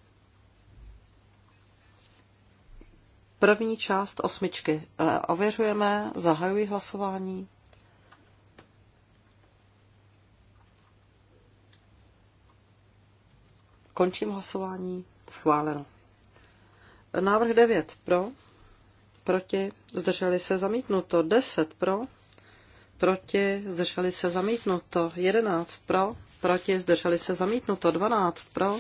První část osmičky. Eh, ověřujeme, zahajuji hlasování. Končím hlasování. Schváleno. Návrh 9 pro, proti, zdrželi se zamítnuto. 10 pro, proti, zdrželi se zamítnuto. 11 pro, proti, zdrželi se zamítnuto. 12 pro,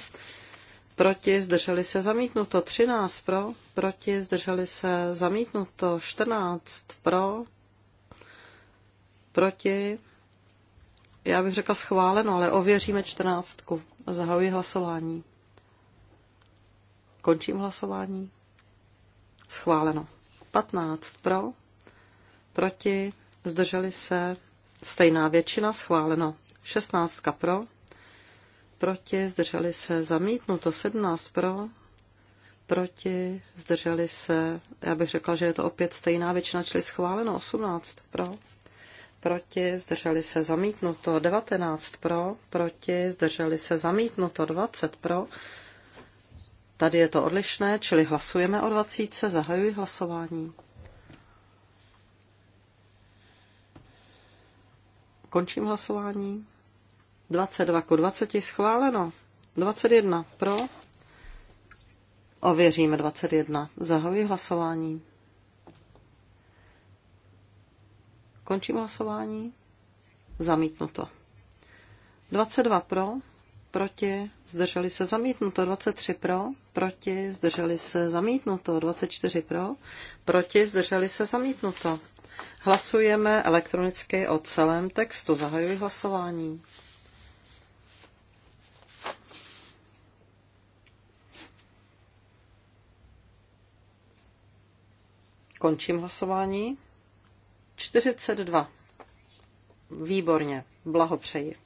proti, zdrželi se zamítnuto. 13 pro, proti, zdrželi se zamítnuto. 14 pro, proti. Já bych řekla schváleno, ale ověříme 14. Zahajuji hlasování. Končím hlasování. Schváleno. 15 pro, proti, zdrželi se, stejná většina, schváleno. 16 pro, proti, zdrželi se zamítnuto, 17 pro, proti, zdrželi se, já bych řekla, že je to opět stejná většina, čili schváleno 18 pro, proti, zdrželi se zamítnuto, 19 pro, proti, zdrželi se zamítnuto, 20 pro. Tady je to odlišné, čili hlasujeme o 20, zahajuji hlasování. Končím hlasování. 22 ku 20 schváleno. 21 pro. Ověříme 21. Zahajuji hlasování. Končím hlasování. Zamítnuto. 22 pro, proti, zdrželi se zamítnuto. 23 pro, proti, zdrželi se zamítnuto. 24 pro, proti, zdrželi se zamítnuto. Hlasujeme elektronicky o celém textu. Zahajuji hlasování. Končím hlasování. 42. Výborně, blahopřeji.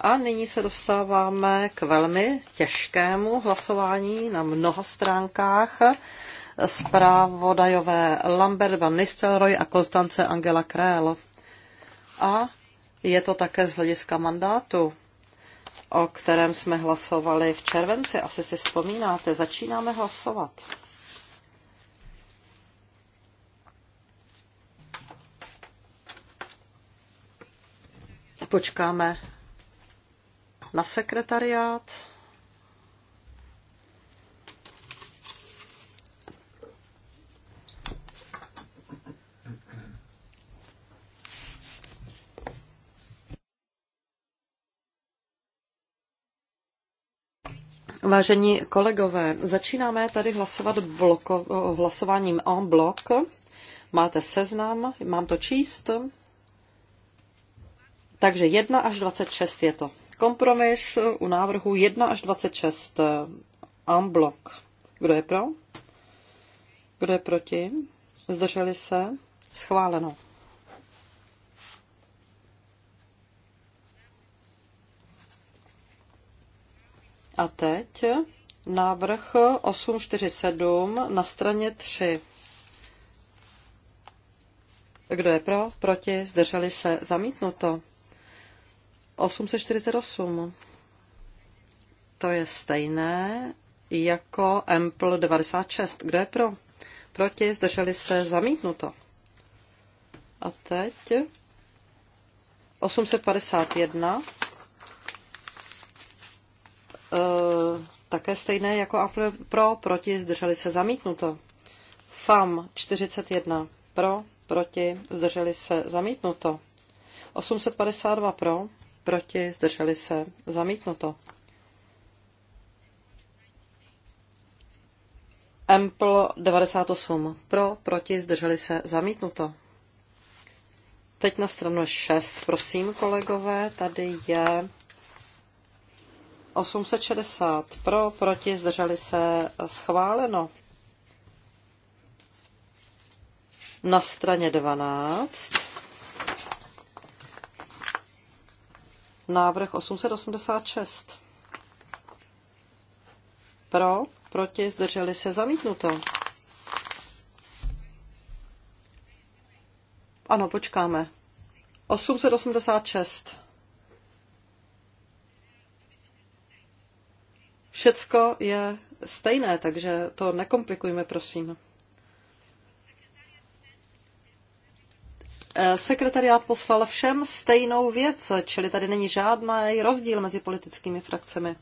A nyní se dostáváme k velmi těžkému hlasování na mnoha stránkách zprávodajové Lambert van Nistelrooy a Konstance Angela Krell. A je to také z hlediska mandátu, o kterém jsme hlasovali v červenci, asi si vzpomínáte. Začínáme hlasovat. Počkáme na sekretariát. Vážení kolegové, začínáme tady hlasovat bloko, hlasováním en blok. Máte seznam, mám to číst. Takže 1 až 26 je to. Kompromis u návrhu 1 až 26 eh, en Kdo je pro? Kdo je proti? Zdrželi se? Schváleno. A teď návrh 847 na straně 3. Kdo je pro? Proti? Zdrželi se? Zamítnuto. 848. To je stejné jako Ampl 96. Kdo je pro? Proti, zdrželi se, zamítnuto. A teď 851. E, také stejné jako Ampl pro, proti, zdrželi se, zamítnuto. FAM 41. Pro, proti, zdrželi se, zamítnuto. 852 pro, proti, zdrželi se, zamítnuto. Empl 98 pro, proti, zdrželi se, zamítnuto. Teď na stranu 6, prosím, kolegové, tady je 860 pro, proti, zdrželi se, schváleno. Na straně 12 návrh 886. Pro, proti, zdrželi se, zamítnuto. Ano, počkáme. 886. Všecko je stejné, takže to nekomplikujme, prosím. Eh, sekretariát poslal všem stejnou věc, čili tady není žádný rozdíl mezi politickými frakcemi.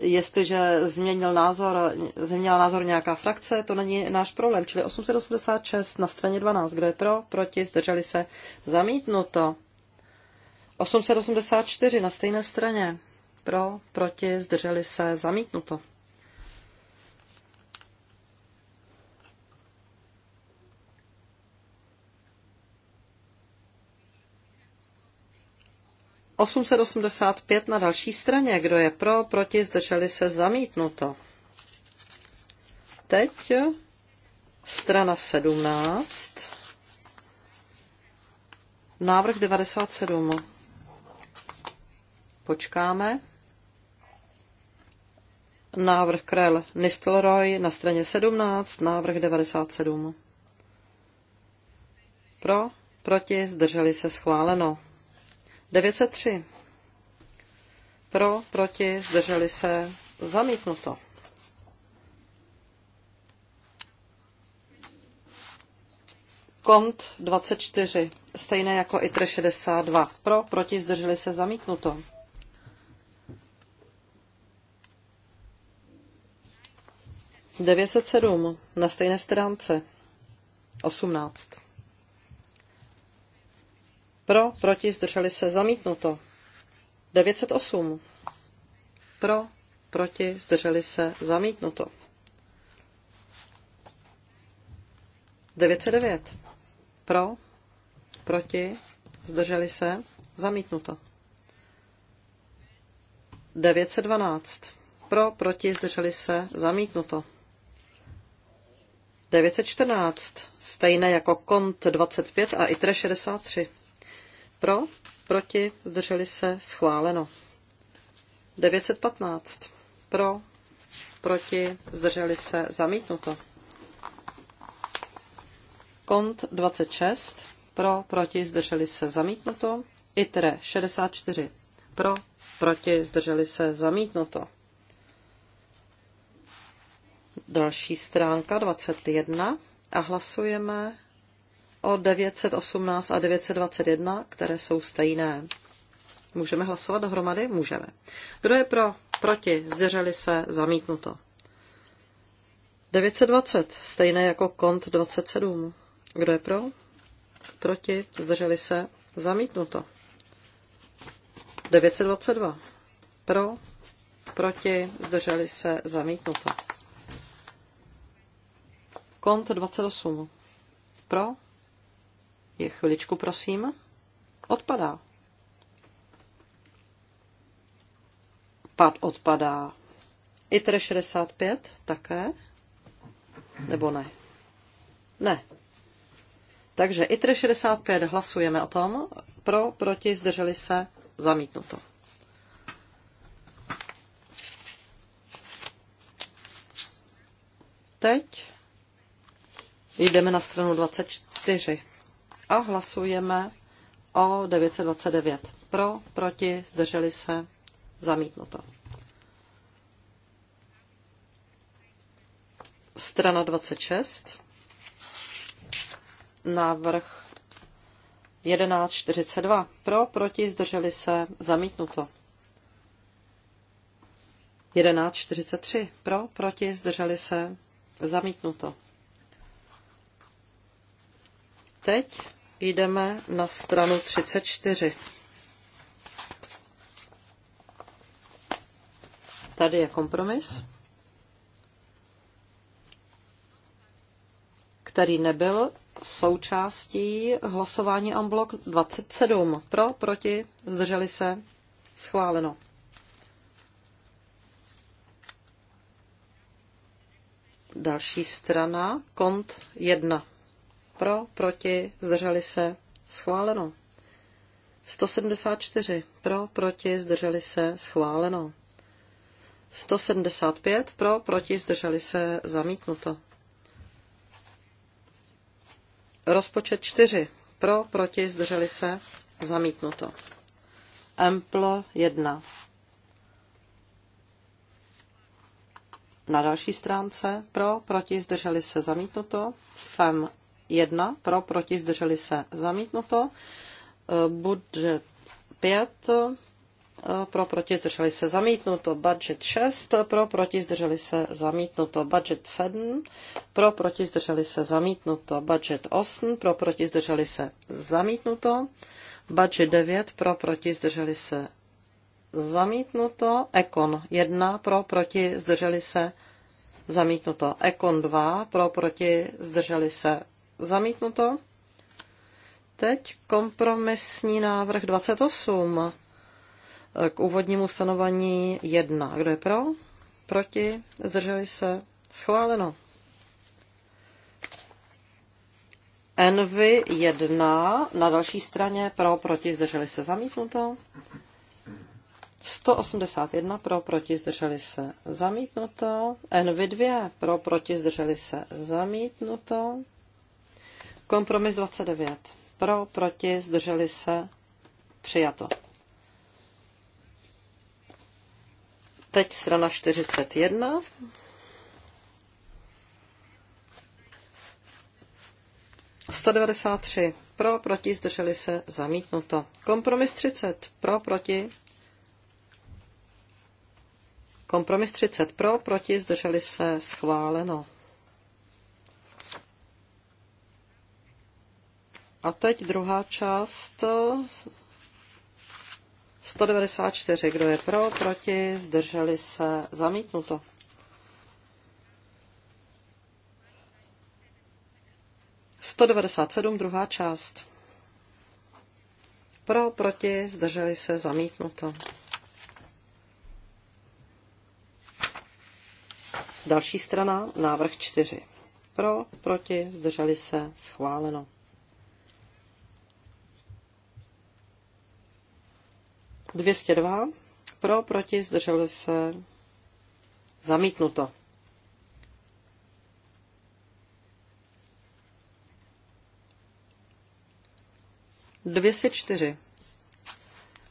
Jestliže změnil názor, změnila názor nějaká frakce, to není náš problém. Čili 886 na straně 12, kdo je pro, proti, zdrželi se, zamítnuto. 884 na stejné straně, pro, proti, zdrželi se, zamítnuto. 885 na další straně. Kdo je pro, proti, zdrželi se zamítnuto. Teď strana 17, návrh 97. Počkáme. Návrh Krell Nistelroy na straně 17, návrh 97. Pro, proti, zdrželi se schváleno. 903. Pro, proti, zdrželi se, zamítnuto. Kont 24, stejné jako i 62. Pro, proti, zdrželi se, zamítnuto. Devětset sedm na stejné stránce. Osmnáct. Pro, proti, zdrželi se, zamítnuto. 908. Pro, proti, zdrželi se, zamítnuto. 909. Pro, proti, zdrželi se, zamítnuto. 912. Pro, proti, zdrželi se, zamítnuto. 914. Stejné jako kont 25 a ITRE 63. Pro, proti, zdrželi se, schváleno. 915. Pro, proti, zdrželi se, zamítnuto. Kont 26. Pro, proti, zdrželi se, zamítnuto. ITRE 64. Pro, proti, zdrželi se, zamítnuto. Další stránka 21 a hlasujeme o 918 a 921, které jsou stejné. Můžeme hlasovat dohromady? Můžeme. Kdo je pro? Proti? Zdrželi se? Zamítnuto. 920, stejné jako kont 27. Kdo je pro? Proti? Zdrželi se? Zamítnuto. 922. Pro? Proti? Zdrželi se? Zamítnuto. Kont 28. Pro? Je chviličku, prosím. Odpadá. Pad odpadá. ITR 65 také? Nebo ne? Ne. Takže ITR 65 hlasujeme o tom. Pro, proti, zdrželi se, zamítnuto. Teď jdeme na stranu 24 a hlasujeme o 929. Pro, proti, zdrželi se, zamítnuto. Strana 26. Návrh 1142. Pro, proti, zdrželi se, zamítnuto. 11.43. Pro, proti, zdrželi se, zamítnuto. Teď Jdeme na stranu 34. Tady je kompromis, který nebyl součástí hlasování Amblok 27. Pro, proti, zdrželi se, schváleno. Další strana, kont 1 pro, proti, zdrželi se, schváleno. 174 pro, proti, zdrželi se, schváleno. 175 pro, proti, zdrželi se, zamítnuto. Rozpočet 4 pro, proti, zdrželi se, zamítnuto. Emplo 1. Na další stránce pro, proti, zdrželi se, zamítnuto. FEM 1 e, e, pro, proti, zdrželi se, zamítnuto. Budget 5 pro, proti, zdrželi se, zamítnuto. Budget 6 pro, proti, zdrželi se, zamítnuto. Budget 7 pro, proti, zdrželi se, zamítnuto. Budget 8 pro, proti, zdrželi se, zamítnuto. Budget 9 pro, proti, zdrželi se, zamítnuto. Ekon 1 pro, proti, zdrželi se, zamítnuto. Ekon 2 pro, proti, zdrželi se, Zamítnuto. Teď kompromisní návrh 28 k úvodnímu stanovaní 1. Kdo je pro? Proti? Zdrželi se? Schváleno. NV 1 na další straně pro, proti, zdrželi se zamítnuto. 181 pro, proti, zdrželi se zamítnuto. NV 2 pro, proti, zdrželi se zamítnuto. Kompromis 29. Pro, proti, zdrželi se, přijato. Teď strana 41. Sto tři. Pro, proti, zdrželi se, zamítnuto. Kompromis 30. Pro, proti. Kompromis 30. Pro, proti, zdrželi se, schváleno. A teď druhá část. 194. Kdo je pro, proti, zdrželi se, zamítnuto. Sto devadesát sedm, druhá část. Pro, proti, zdrželi se, zamítnuto. Další strana, návrh čtyři. Pro, proti, zdrželi se, schváleno. 202 pro, proti, zdrželi se, zamítnuto. Dvěstě čtyři.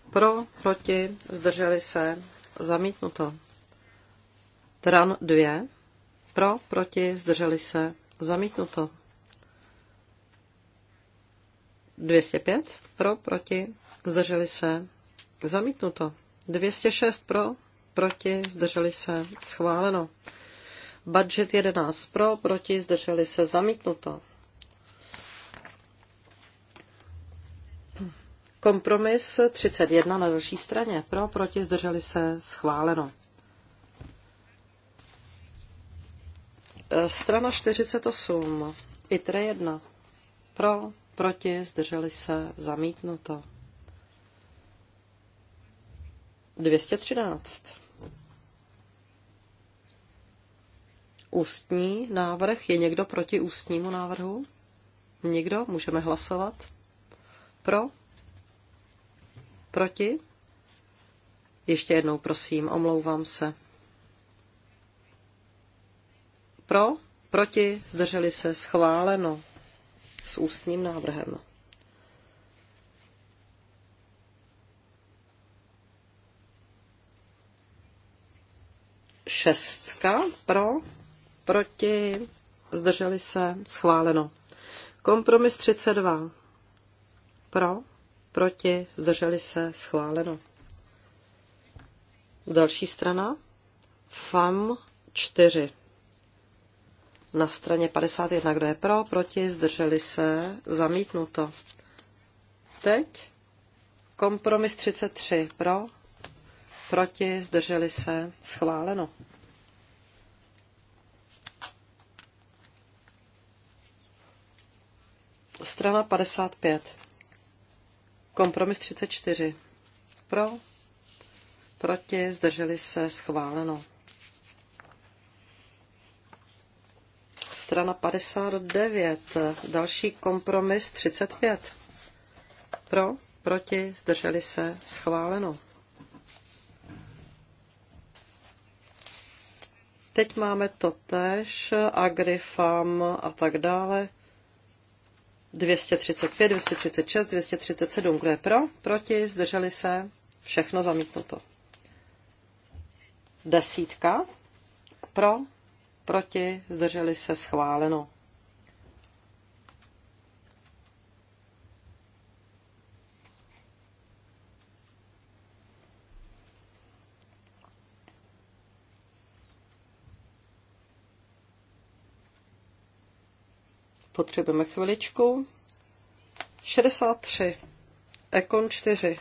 Pro, proti, zdrželi se, zamítnuto. Tran dvě. Pro, proti, zdrželi se, zamítnuto. 205. Pro, proti, zdrželi se, Zamítnuto. 206 pro, proti, zdrželi se, schváleno. Budget 11 pro, proti, zdrželi se, zamítnuto. Kompromis 31 na další straně. Pro, proti, zdrželi se, schváleno. Strana 48. ITRE 1. Pro, proti, zdrželi se, zamítnuto. 213. Ústní návrh. Je někdo proti ústnímu návrhu? Nikdo? Můžeme hlasovat? Pro? Proti? Ještě jednou, prosím, omlouvám se. Pro? Proti? Zdrželi se? Schváleno. S ústním návrhem. šestka pro, proti, zdrželi se, schváleno. Kompromis 32 pro, proti, zdrželi se, schváleno. Další strana, FAM 4. Na straně 51, kdo je pro, proti, zdrželi se, zamítnuto. Teď kompromis 33 pro, proti, zdrželi se, schváleno. Strana 55. Kompromis 34. Pro, proti, zdrželi se, schváleno. Strana 59. Další kompromis 35. Pro, proti, zdrželi se, schváleno. Teď máme to tež, Agrifam a tak dále. 235, 236, 237, kdo je pro, proti, zdrželi se, všechno zamítnuto. Desítka, pro, proti, zdrželi se, schváleno. Potřebujeme chviličku. 63. Ekon 4.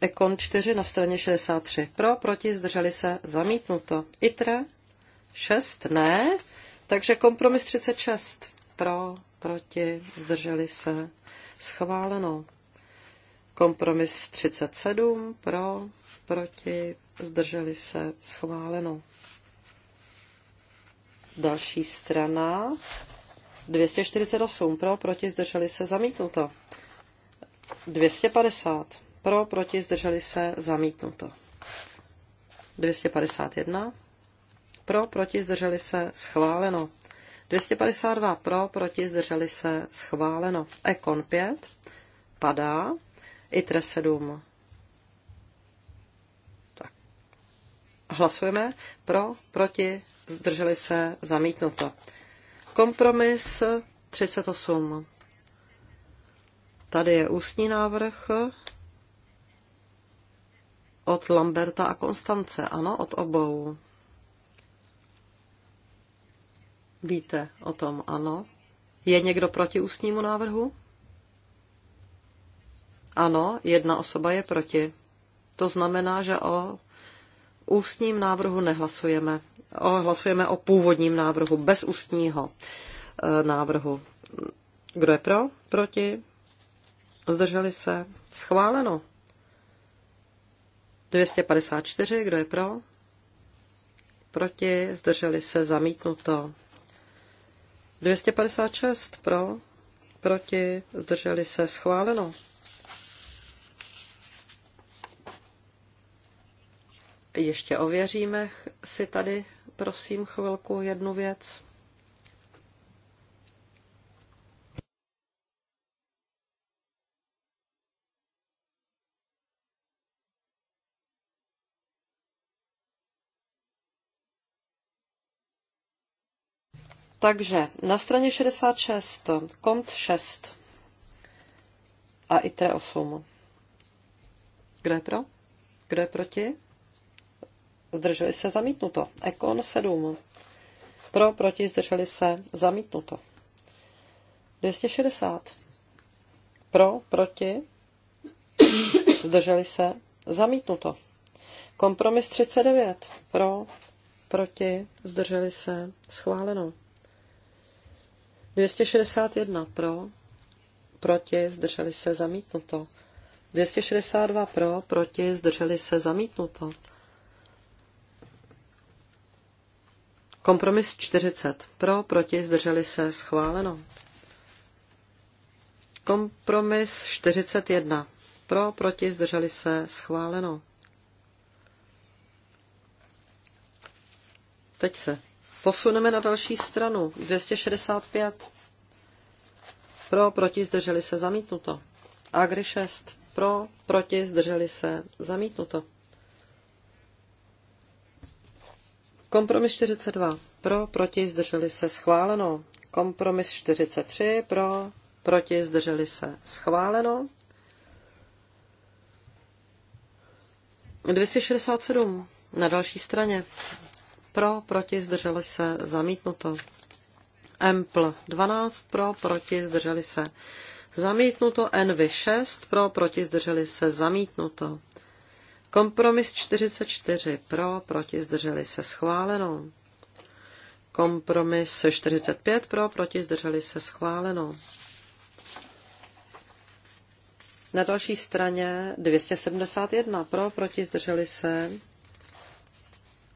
Ekon 4 na straně 63. Pro, proti, zdrželi se, zamítnuto. ITRE 6, ne. Takže kompromis 36. Pro, proti, zdrželi se, schváleno. Kompromis 37, pro, proti, zdrželi se, schváleno. Další strana. 248 pro, proti, zdrželi se, zamítnuto. 250 pro, proti, zdrželi se, zamítnuto. 251 pro, proti, zdrželi se, schváleno. 252 pro, proti, zdrželi se, schváleno. Ekon 5 padá. ITRE 7 Hlasujeme pro, proti, zdrželi se, zamítnuto. Kompromis 38. Tady je ústní návrh od Lamberta a Konstance. Ano, od obou. Víte o tom, ano. Je někdo proti ústnímu návrhu? Ano, jedna osoba je proti. To znamená, že o ústním návrhu nehlasujeme. O, hlasujeme o původním návrhu bez ústního e, návrhu. Kdo je pro? Proti? Zdrželi se? Schváleno. 254. Kdo je pro? Proti? Zdrželi se? Zamítnuto. 256. Pro? Proti? Zdrželi se? Schváleno. Ještě ověříme si tady, prosím, chvilku jednu věc. Takže na straně 66, kont 6 a ITRE 8. Kdo je pro? Kdo je proti? zdrželi se zamítnuto. Ekon 7. Pro, proti, zdrželi se zamítnuto. 260. Pro, proti, zdrželi se zamítnuto. Kompromis 39. Pro, proti, zdrželi se schváleno. 261 pro, proti, zdrželi se zamítnuto. 262 pro, proti, zdrželi se zamítnuto. Kompromis 40. Pro, proti, zdrželi se, schváleno. Kompromis 41. Pro, proti, zdrželi se, schváleno. Teď se posuneme na další stranu. 265. Pro, proti, zdrželi se, zamítnuto. Agri 6. Pro, proti, zdrželi se, zamítnuto. Kompromis 42. Pro, proti, zdrželi se, schváleno. Kompromis 43. Pro, proti, zdrželi se, schváleno. 267. Na další straně. Pro, proti, zdrželi se, zamítnuto. Empl 12 pro, proti, zdrželi se. Zamítnuto NV 6 pro, proti, zdrželi se, zamítnuto. Kompromis 44 pro, proti zdrželi se schváleno. Kompromis 45 pro, proti zdrželi se schváleno. Na další straně 271 pro, proti zdrželi se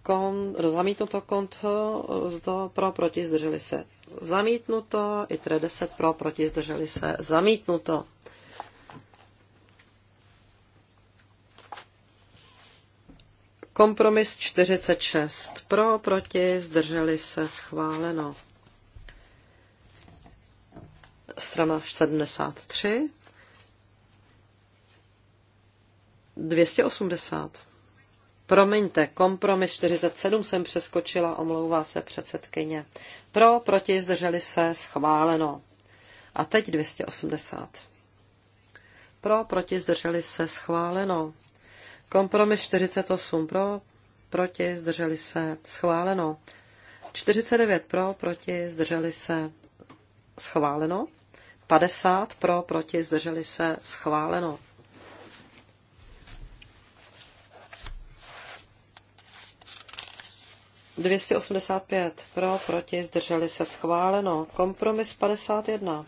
kon, zamítnuto konto, zdo, pro, proti zdrželi se zamítnuto, i 10 pro, proti zdrželi se zamítnuto. Kompromis 46. Pro, proti, zdrželi se, schváleno. Strana 73. 280. Promiňte, kompromis 47 jsem přeskočila, omlouvá se předsedkyně. Pro, proti, zdrželi se, schváleno. A teď 280. Pro, proti, zdrželi se, schváleno. Kompromis 48 pro, proti, zdrželi se, schváleno. 49 pro, proti, zdrželi se, schváleno. 50 pro, proti, zdrželi se, schváleno. Dvěstě osmdesát pět pro, proti, zdrželi se, schváleno. Kompromis padesát jedna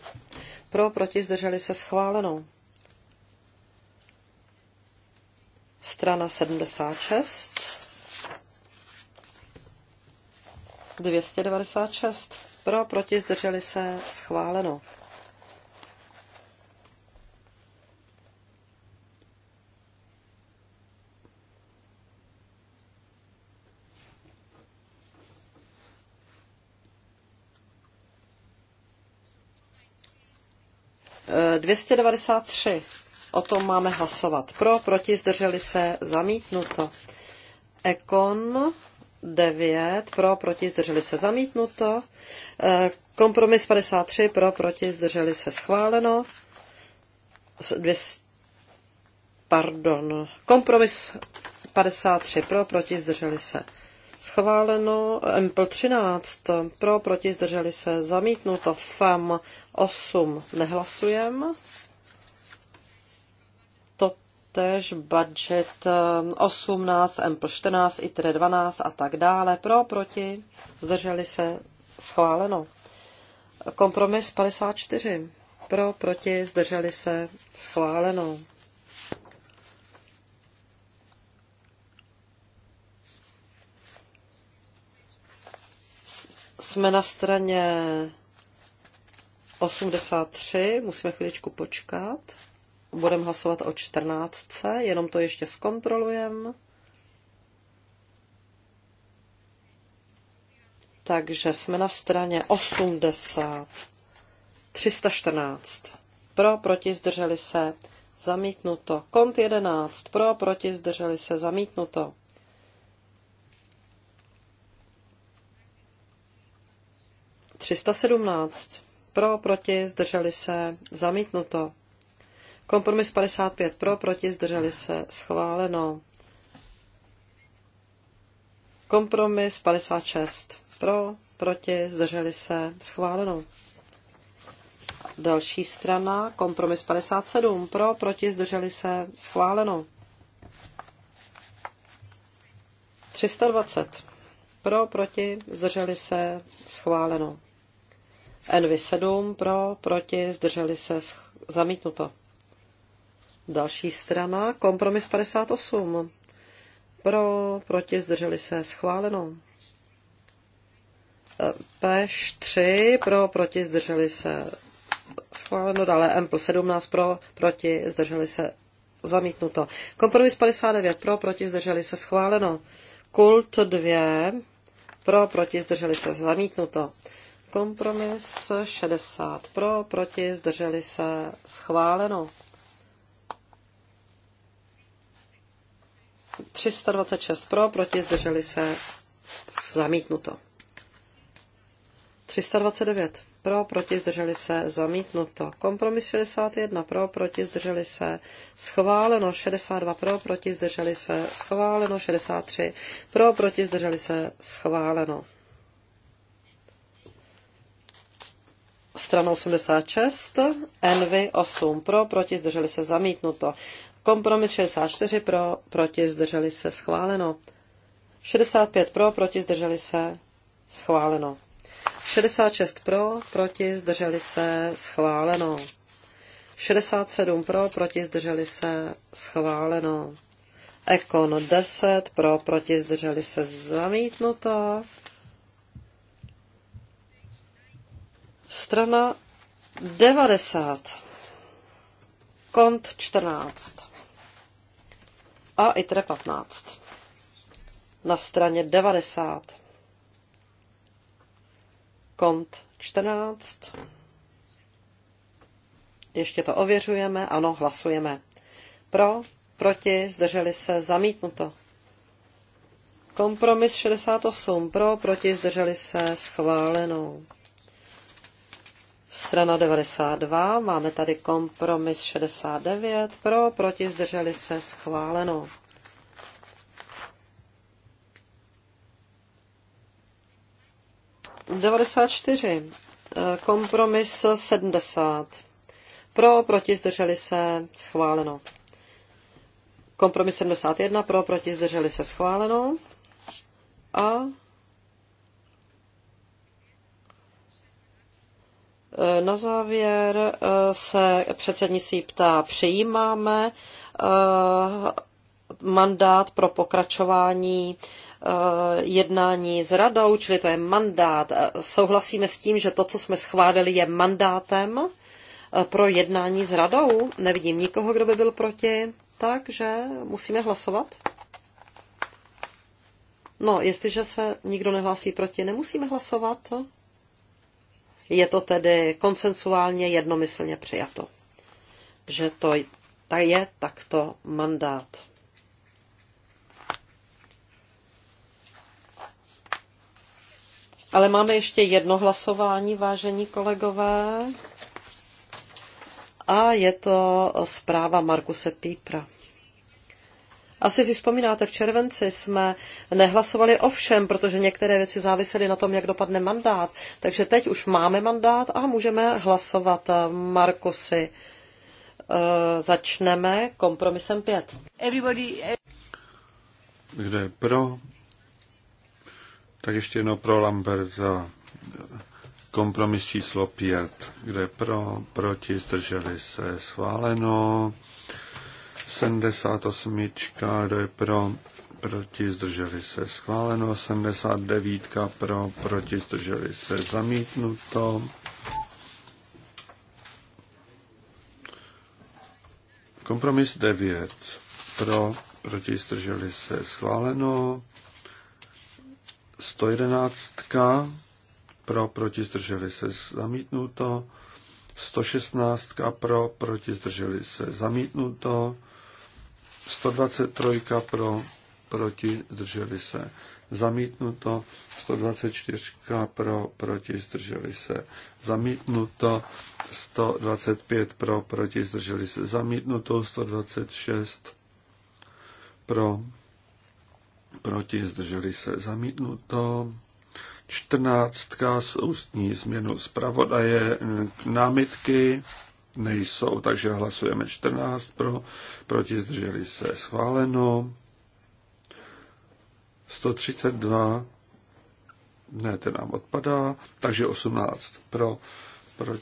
pro, proti, zdrželi se, schváleno. strana 76, 296, pro, proti, zdrželi se, schváleno. Eh, Dvěstě devadesát tři. O tom máme hlasovat. Pro, proti, zdrželi se, zamítnuto. Ekon 9, pro, proti, zdrželi se, zamítnuto. E, kompromis 53, pro, proti, zdrželi se, schváleno. Dvě. pardon, kompromis 53 pro, proti, zdrželi se. Schváleno MPL 13 pro, proti, zdrželi se. Zamítnuto FAM 8 nehlasujeme též budget 18, ehm, m 14, i 12 a tak dále. Pro, proti, zdrželi se, schváleno. Kompromis 54. Pro, proti, zdrželi se, schváleno. Jsme na straně 83, musíme chvíličku počkat. Budeme hlasovat o 14. Jenom to ještě zkontrolujeme. Takže jsme na straně 80. 314. Pro, proti, zdrželi se, zamítnuto. Kont 11. Pro, proti, zdrželi se, zamítnuto. Třista sedmnáct. Pro, proti, zdrželi se, zamítnuto. Kompromis 55 pro, proti, zdrželi se, schváleno. Kompromis 56 pro, proti, zdrželi se, schváleno. Další strana, kompromis 57 pro, proti, zdrželi se, schváleno. 320 pro, proti, zdrželi se, schváleno. NV7 pro, proti, zdrželi se, zamítnuto. Další strana, kompromis 58. Pro, proti, zdrželi se, schváleno. E, Peš 3, pro, proti, zdrželi se, schváleno. Dále M plus 17, pro, proti, zdrželi se, zamítnuto. Kompromis 59, pro, proti, zdrželi se, schváleno. Kult 2, pro, proti, zdrželi se, zamítnuto. Kompromis 60, pro, proti, zdrželi se, schváleno. 326 pro, proti zdrželi se zamítnuto. 329 pro, proti zdrželi se zamítnuto. Kompromis 61 pro, proti zdrželi se schváleno. 62 pro, proti zdrželi se schváleno. 63 pro, proti zdrželi se schváleno. stranou 86, NV 8 pro, proti zdrželi se zamítnuto. Kompromis 64 pro, proti, zdrželi se, schváleno. 65 pro, proti, zdrželi se, schváleno. 66 pro, proti, zdrželi se, schváleno. 67 pro, proti, zdrželi se, schváleno. Ekon 10 pro, proti, zdrželi se, zamítnuto. Strana 90. Kont 14 a ITRE 15. Na straně 90. Kont 14. Ještě to ověřujeme. Ano, hlasujeme. Pro, proti, zdrželi se, zamítnuto. Kompromis 68. Pro, proti, zdrželi se, schválenou. Strana 92, máme tady kompromis 69, pro, proti, zdrželi se, schváleno. Devadesát čtyři. Eh, kompromis 70. Pro, proti, zdrželi se, schváleno. Kompromis 71, pro, proti, zdrželi se, schváleno. A Eh, na závěr eh, se předsednictví ptá, přijímáme eh, mandát pro pokračování jednání s radou, čili to je mandát. Souhlasíme s tím, že to, co jsme schválili, je mandátem pro jednání s radou. Nevidím nikoho, kdo by byl proti, takže musíme hlasovat. No, jestliže se nikdo nehlásí proti, nemusíme hlasovat. Je to tedy konsensuálně jednomyslně přijato, že to ta je takto mandát. Ale máme ještě jedno hlasování, vážení kolegové. A je to zpráva Markuse Pípra. Asi si vzpomínáte, v červenci jsme nehlasovali o všem, protože některé věci závisely na tom, jak dopadne mandát. Takže teď už máme mandát a můžeme hlasovat. Markusy, eh, začneme kompromisem 5. Eh- Kde je pro? Tak ještě jedno pro Lamberta. Kompromis číslo 5. Kde pro? Proti? Zdrželi se? Schváleno. 78. Kdo je pro? Proti? Zdrželi se. Schváleno. 79. Pro? Proti? Zdrželi se. Zamítnuto. Kompromis 9. Pro, proti, zdrželi se. Schváleno. 111. Pro, proti, zdrželi se. Zamítnuto. 116. Pro, proti, zdrželi se. Zamítnuto. 123 pro, proti, zdrželi se. Zamítnuto 124 pro, proti, zdrželi se. Zamítnuto 125 pro, proti, zdrželi se. Zamítnuto 126 pro, proti, zdrželi se. Zamítnuto 14 s ústní změnu zpravodaje eh, námitky nejsou, takže hlasujeme 14 pro, proti zdrželi se schváleno, 132, ne, ten nám odpadá, takže 18 pro, pro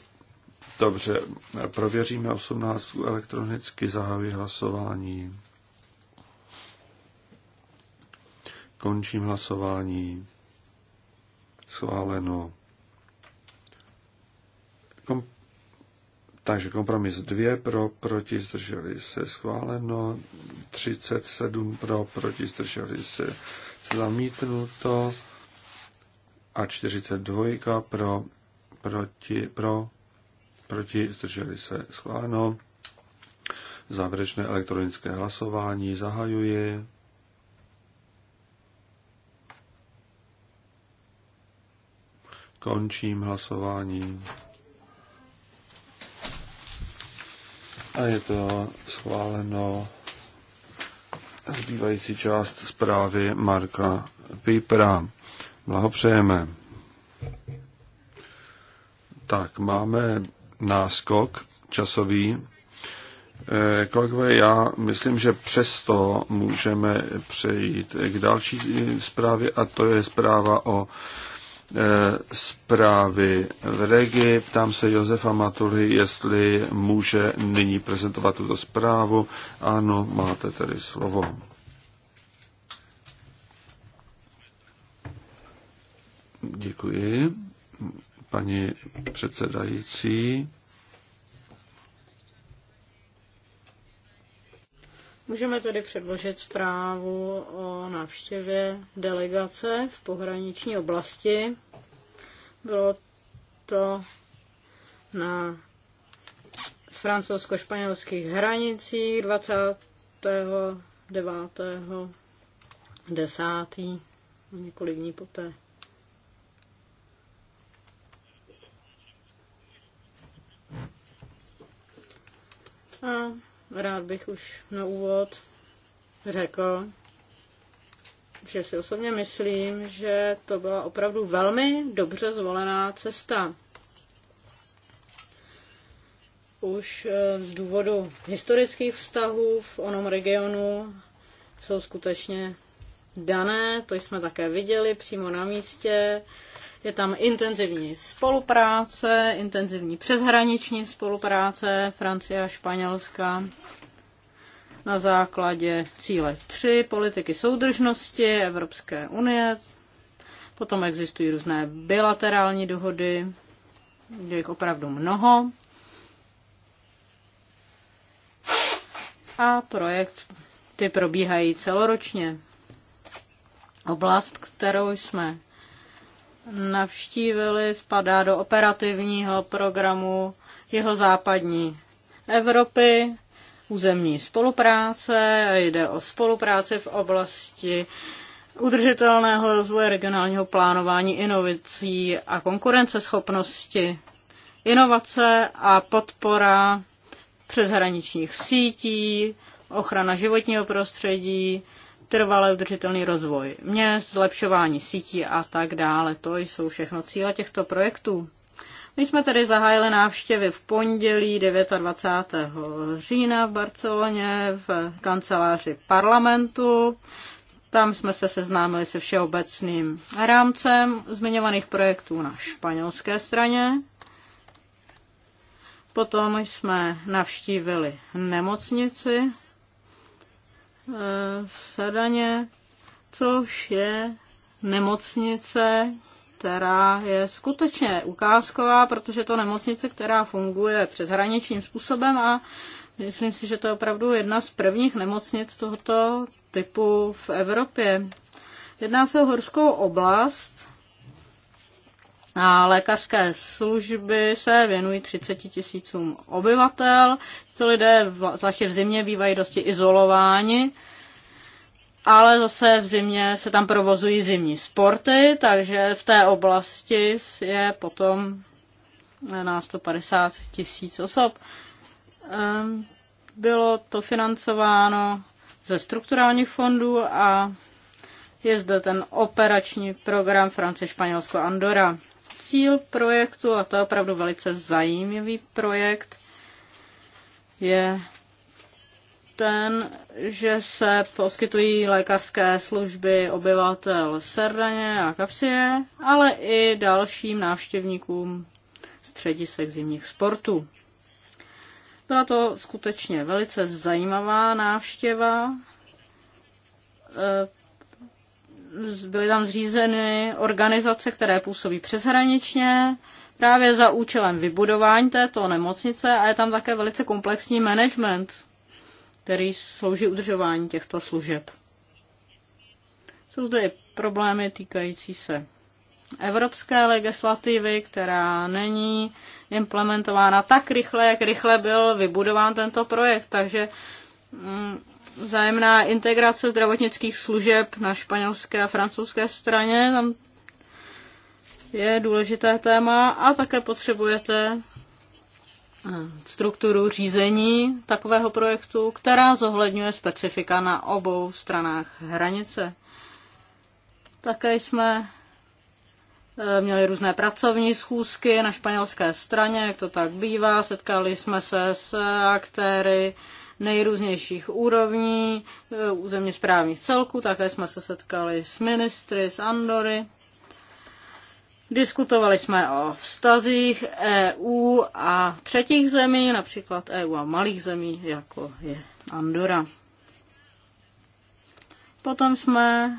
dobře, prověříme 18 elektronicky zahájí hlasování. Končím hlasování. Schváleno. Kom- takže kompromis 2 pro, proti, zdrželi se schváleno, 37 pro, proti, zdrželi se zamítnuto a 42 pro, proti, pro, proti, zdrželi se schváleno. Závěrečné elektronické hlasování zahajuji. Končím hlasování. A je to schváleno zbývající část zprávy Marka Pipera. Blahopřejeme. Tak, máme náskok časový. Eh, kolegové, já myslím, že přesto můžeme přejít k další zprávě a to je zpráva o Eh, zprávy v Regi. Ptám se Josefa Maturhy, jestli může nyní prezentovat tuto zprávu. Ano, máte tedy slovo. Děkuji, paní předsedající. Můžeme tedy předložit zprávu o návštěvě delegace v pohraniční oblasti bylo to na francouzsko-španělských hranicích 29. 10. několik dní poté. A rád bych už na úvod řekl, že si osobně myslím, že to byla opravdu velmi dobře zvolená cesta. Už eh, z důvodu historických vztahů v onom regionu jsou skutečně dané, to jsme také viděli přímo na místě. Je tam intenzivní spolupráce, intenzivní přeshraniční spolupráce Francie a Španělska na základě cíle 3 politiky soudržnosti Evropské unie. Potom existují různé bilaterální dohody, je jich opravdu mnoho. A projekt ty probíhají celoročně. Oblast, kterou jsme navštívili, spadá do operativního programu jeho západní Evropy územní spolupráce, jde o spolupráci v oblasti udržitelného rozvoje regionálního plánování, inovací a konkurenceschopnosti, inovace a podpora přeshraničních sítí, ochrana životního prostředí, trvalý udržitelný rozvoj měst, zlepšování sítí a tak dále. To jsou všechno cíle těchto projektů. My jsme tedy zahájili návštěvy v pondělí 29. října v Barceloně v kanceláři parlamentu. Tam jsme se seznámili se všeobecným rámcem zmiňovaných projektů na španělské straně. Potom jsme navštívili nemocnici eh, v Sadaně, což je nemocnice, která je skutečně ukázková, protože to nemocnice, která funguje přeshraničním způsobem a myslím si, že to je opravdu jedna z prvních nemocnic tohoto typu v Evropě. Jedná se o horskou oblast a lékařské služby se věnují 30 tisícům obyvatel. Ty lidé, zvláště v zimě, bývají dosti izolováni ale zase v zimě se tam provozují zimní sporty, takže v té oblasti je potom na 150 tisíc osob. Ehm, bylo to financováno ze strukturálních fondů a je zde ten operační program Francie, Španělsko, Andora. Cíl projektu, a to je opravdu velice zajímavý projekt, je ten, že se poskytují lékařské služby obyvatel Serdaně a Kapsie, ale i dalším návštěvníkům středisek zimních sportů. Byla to skutečně velice zajímavá návštěva. E, byly tam zřízeny organizace, které působí přeshraničně, právě za účelem vybudování této nemocnice a je tam také velice komplexní management který slouží udržování těchto služeb. Jsou zde i problémy týkající se evropské legislativy, která není implementována tak rychle, jak rychle byl vybudován tento projekt. Takže mm, zájemná integrace zdravotnických služeb na španělské a francouzské straně, tam je důležité téma a také potřebujete strukturu řízení takového projektu, která zohledňuje specifika na obou stranách hranice. Také jsme eh, měli různé pracovní schůzky na španělské straně, jak to tak bývá. Setkali jsme se s aktéry nejrůznějších úrovní, územně eh, správních celků, také jsme se setkali s ministry, s Andory. Diskutovali jsme o vztazích EU a třetích zemí, například EU a malých zemí, jako je Andora. Potom jsme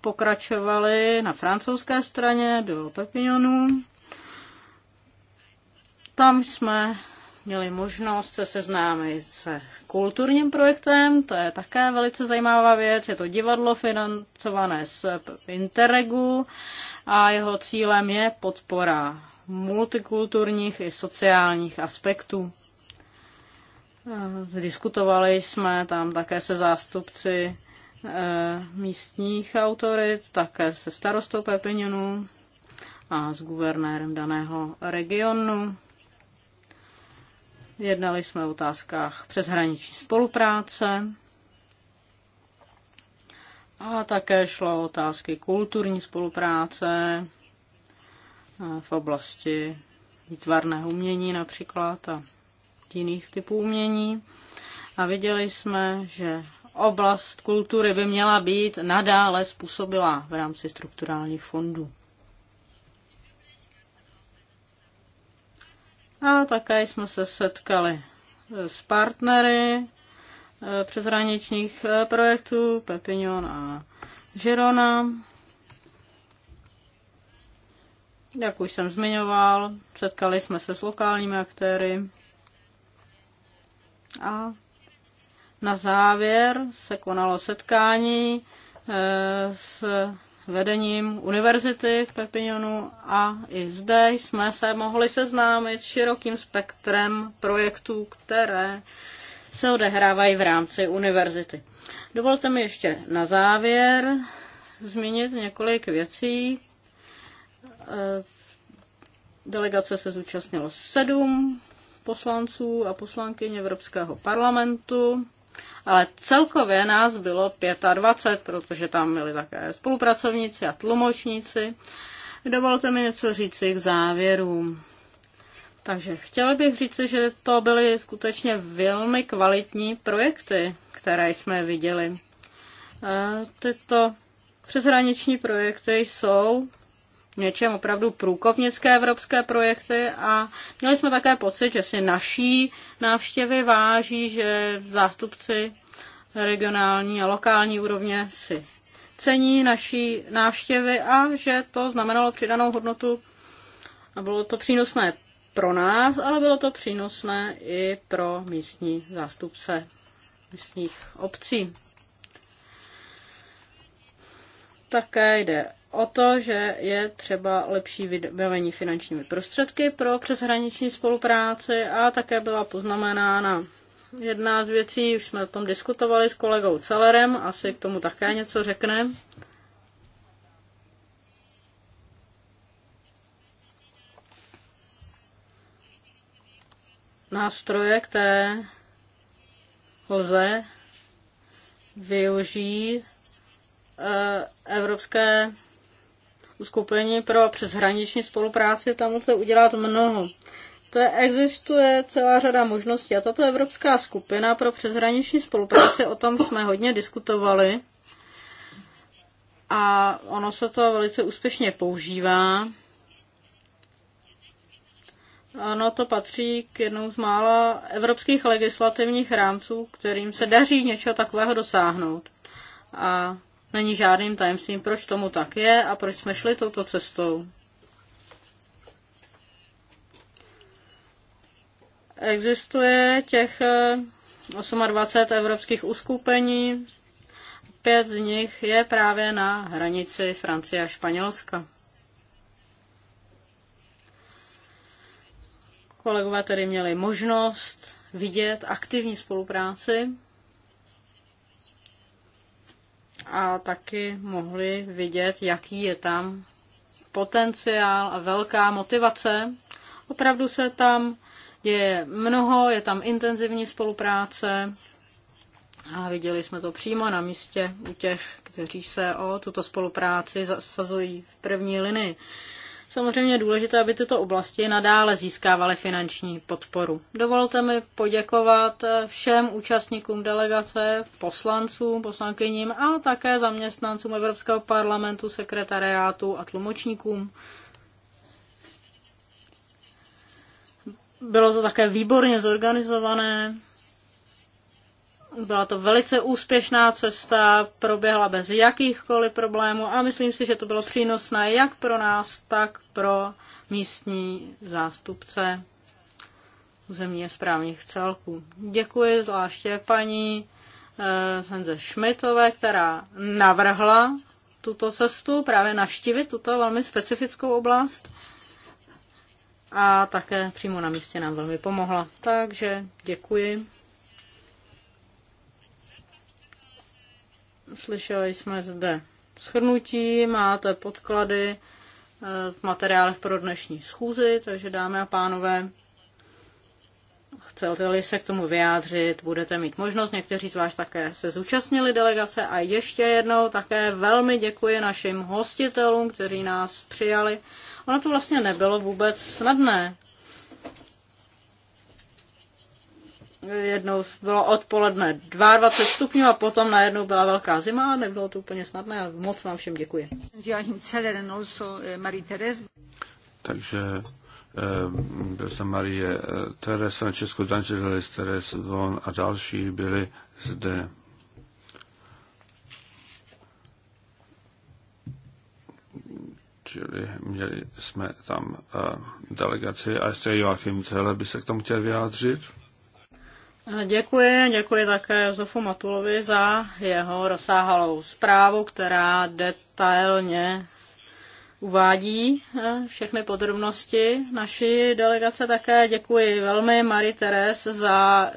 pokračovali na francouzské straně do Pepinionu. Tam jsme měli možnost se seznámit se kulturním projektem, to je také velice zajímavá věc, je to divadlo financované z Interregu a jeho cílem je podpora multikulturních i sociálních aspektů. Eh, diskutovali jsme tam také se zástupci eh, místních autorit, také se starostou Pepinionu a s guvernérem daného regionu. Jednali jsme o otázkách přeshraniční spolupráce a také šlo o otázky kulturní spolupráce v oblasti výtvarného umění například a jiných typů umění. A viděli jsme, že oblast kultury by měla být nadále způsobila v rámci strukturálních fondů. A také jsme se setkali s partnery Eh, přeshraničních eh, projektů Pepinion a Girona. Jak už jsem zmiňoval, setkali jsme se s lokálními aktéry a na závěr se konalo setkání eh, s vedením univerzity v Pepinionu a i zde jsme se mohli seznámit s širokým spektrem projektů, které se odehrávají v rámci univerzity. Dovolte mi ještě na závěr zmínit několik věcí. Eh, delegace se zúčastnilo sedm poslanců a poslankyň Evropského parlamentu, ale celkově nás bylo 25, protože tam byli také spolupracovníci a tlumočníci. Dovolte mi něco říct k závěrům. Takže chtěla bych říct, že to byly skutečně velmi kvalitní projekty, které jsme viděli. E, tyto přeshraniční projekty jsou něčem opravdu průkopnické evropské projekty a měli jsme také pocit, že si naší návštěvy váží, že zástupci regionální a lokální úrovně si cení naší návštěvy a že to znamenalo přidanou hodnotu a bylo to přínosné pro nás, ale bylo to přínosné i pro místní zástupce místních obcí. Také jde o to, že je třeba lepší vybavení finančními prostředky pro přeshraniční spolupráci a také byla poznamenána jedna z věcí, už jsme o tom diskutovali s kolegou Celerem, asi k tomu také něco řekne, nástroje, které lze využít eh, Evropské uskupení pro přeshraniční spolupráci, tam lze udělat mnoho. To je, existuje celá řada možností a tato Evropská skupina pro přeshraniční spolupráci, o tom jsme hodně diskutovali a ono se to velice úspěšně používá. Ano, to patří k jednou z mála evropských legislativních rámců, kterým se daří něčeho takového dosáhnout. A není žádným tajemstvím, proč tomu tak je a proč jsme šli touto cestou. Existuje těch 28 eh, evropských uskupení, pět z nich je právě na hranici Francie a Španělska. Kolegové tedy měli možnost vidět aktivní spolupráci a taky mohli vidět, jaký je tam potenciál a velká motivace. Opravdu se tam děje mnoho, je tam intenzivní spolupráce a viděli jsme to přímo na místě u těch, kteří se o tuto spolupráci zasazují v první linii. Samozřejmě je důležité, aby tyto oblasti nadále získávaly finanční podporu. Dovolte mi poděkovat všem účastníkům delegace, poslancům, poslankyním a také zaměstnancům Evropského parlamentu, sekretariátu a tlumočníkům. Bylo to také výborně zorganizované, byla to velice úspěšná cesta, proběhla bez jakýchkoliv problémů a myslím si, že to bylo přínosné jak pro nás, tak pro místní zástupce země správních celků. Děkuji zvláště paní Senze eh, Šmitové, která navrhla tuto cestu, právě navštívit tuto velmi specifickou oblast a také přímo na místě nám velmi pomohla. Takže děkuji. Slyšeli jsme zde schrnutí, máte podklady eh, v materiálech pro dnešní schůzi, takže dámy a pánové, chcete-li se k tomu vyjádřit, budete mít možnost. Někteří z vás také se zúčastnili delegace a ještě jednou také velmi děkuji našim hostitelům, kteří nás přijali. Ono to vlastně nebylo vůbec snadné. jednou bylo odpoledne 22 stupňů a potom najednou byla velká zima a nebylo to úplně snadné a moc vám všem děkuji. Takže eh, byl jsem Marie eh, Teres, Francesco D'Angelis, Teres Von a další byli zde. Čili měli jsme tam eh, delegaci a ještě Joachim Cele by se k tomu chtěl vyjádřit. Děkuji, děkuji také Josefu Matulovi za jeho rozsáhlou zprávu, která detailně uvádí eh, všechny podrobnosti naší delegace. Také děkuji velmi Marie Teres za eh,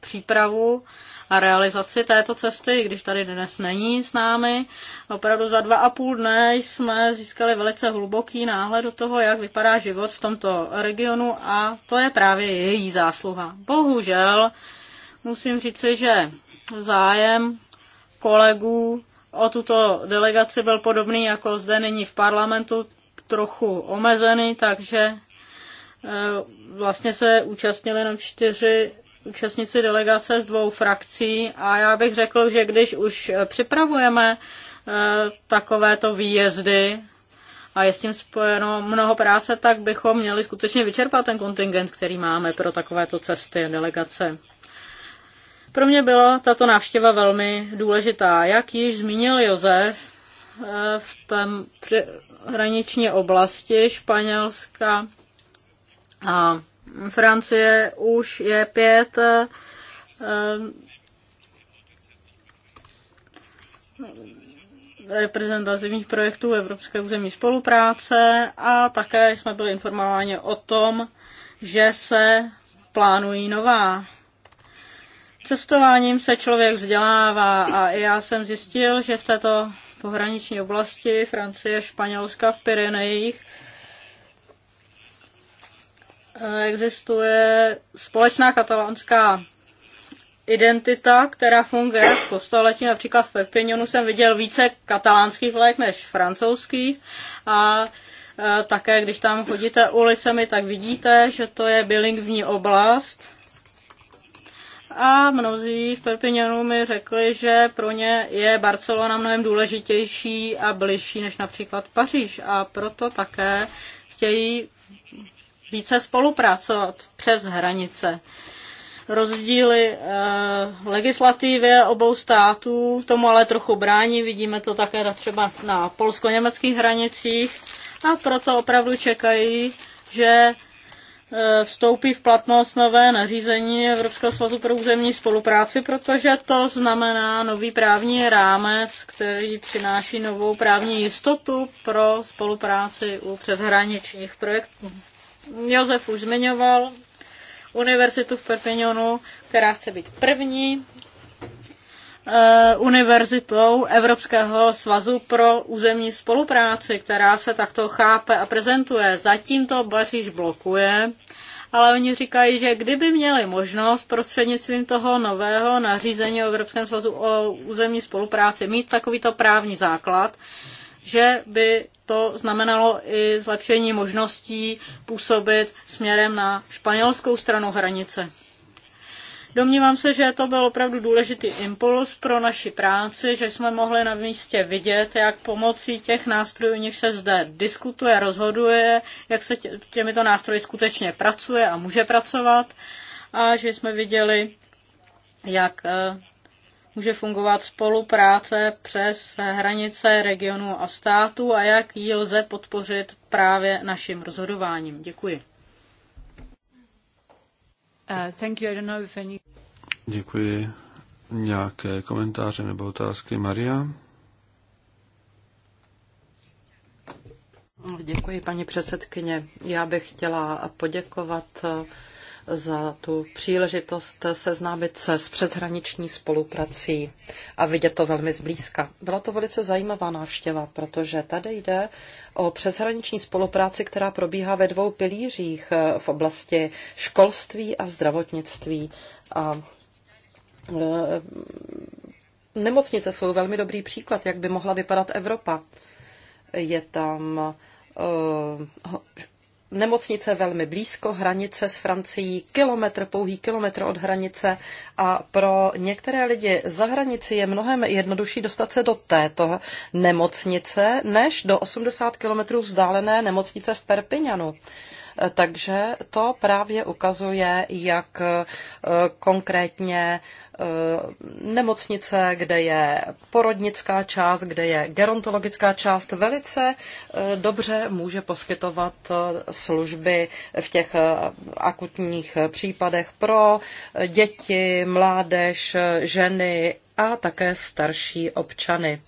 přípravu a realizaci této cesty, i když tady dnes není s námi. Opravdu za dva a půl dne jsme získali velice hluboký náhled do toho, jak vypadá život v tomto regionu a to je právě její zásluha. Bohužel musím říci, že zájem kolegů o tuto delegaci byl podobný, jako zde nyní v parlamentu, trochu omezený, takže eh, vlastně se účastnili jenom čtyři účastnici delegace z dvou frakcí a já bych řekl, že když už připravujeme eh, takovéto výjezdy a je s tím spojeno mnoho práce, tak bychom měli skutečně vyčerpat ten kontingent, který máme pro takovéto cesty a delegace. Pro mě byla tato návštěva velmi důležitá. Jak již zmínil Josef, eh, v té hraniční oblasti Španělska a Francie už je pět eh, reprezentativních projektů Evropské územní spolupráce a také jsme byli informováni o tom, že se plánují nová. Cestováním se člověk vzdělává a i já jsem zjistil, že v této pohraniční oblasti Francie, Španělska, v Pyrenejích Eh, existuje společná katalánská identita, která funguje v postoletí. Například v Perpignanu jsem viděl více katalánských vlajek než francouzských a eh, také když tam chodíte ulicemi, tak vidíte, že to je bilingvní oblast. A mnozí v Perpignanu mi řekli, že pro ně je Barcelona mnohem důležitější a bližší než například Paříž. A proto také chtějí více spolupracovat přes hranice. Rozdíly e, legislativě obou států tomu ale trochu brání, vidíme to také třeba na polsko-německých hranicích a proto opravdu čekají, že eh, vstoupí v platnost nové nařízení Evropského svazu pro územní spolupráci, protože to znamená nový právní rámec, který přináší novou právní jistotu pro spolupráci u přeshraničních projektů. Josef už zmiňoval univerzitu v Perpignanu, která chce být první eh, univerzitou Evropského svazu pro územní spolupráci, která se takto chápe a prezentuje. Zatím to Baříž blokuje, ale oni říkají, že kdyby měli možnost prostřednictvím toho nového nařízení o Evropském svazu o územní spolupráci mít takovýto právní základ, že by to znamenalo i zlepšení možností působit směrem na španělskou stranu hranice. Domnívám se, že to byl opravdu důležitý impuls pro naši práci, že jsme mohli na místě vidět, jak pomocí těch nástrojů, nich se zde diskutuje, rozhoduje, jak se těmito nástroji skutečně pracuje a může pracovat a že jsme viděli, jak eh, Může fungovat spolupráce přes hranice regionu a státu a jak ji lze podpořit právě naším rozhodováním. Děkuji. Uh, thank you. I don't know if any... Děkuji. Nějaké komentáře nebo otázky? Maria? Děkuji, paní předsedkyně. Já bych chtěla poděkovat za tu příležitost seznámit se s přeshraniční spoluprací a vidět to velmi zblízka. Byla to velice zajímavá návštěva, protože tady jde o přeshraniční spolupráci, která probíhá ve dvou pilířích eh, v oblasti školství a zdravotnictví. A eh, nemocnice jsou velmi dobrý příklad, jak by mohla vypadat Evropa. Je tam eh, nemocnice velmi blízko hranice s Francií, kilometr, pouhý kilometr od hranice a pro některé lidi za hranici je mnohem jednodušší dostat se do této nemocnice než do 80 kilometrů vzdálené nemocnice v Perpignanu. Takže to právě ukazuje, jak e, konkrétně e, nemocnice, kde je porodnická část, kde je gerontologická část, velice e, dobře může poskytovat služby v těch akutních případech pro děti, mládež, ženy a také starší občany.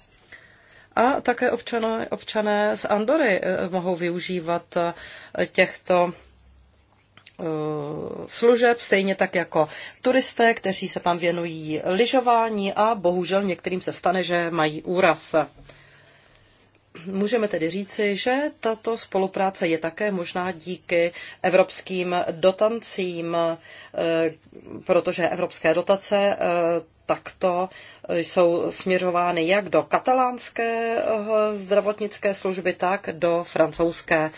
A také občané, občané z Andory eh, mohou využívat eh, těchto eh, služeb, stejně tak jako turisté, kteří se tam věnují lyžování a bohužel některým se stane, že mají úraz. Můžeme tedy říci, že tato spolupráce je také možná díky evropským dotancím, protože evropské dotace takto jsou směřovány jak do katalánské eh, zdravotnické služby, tak do francouzské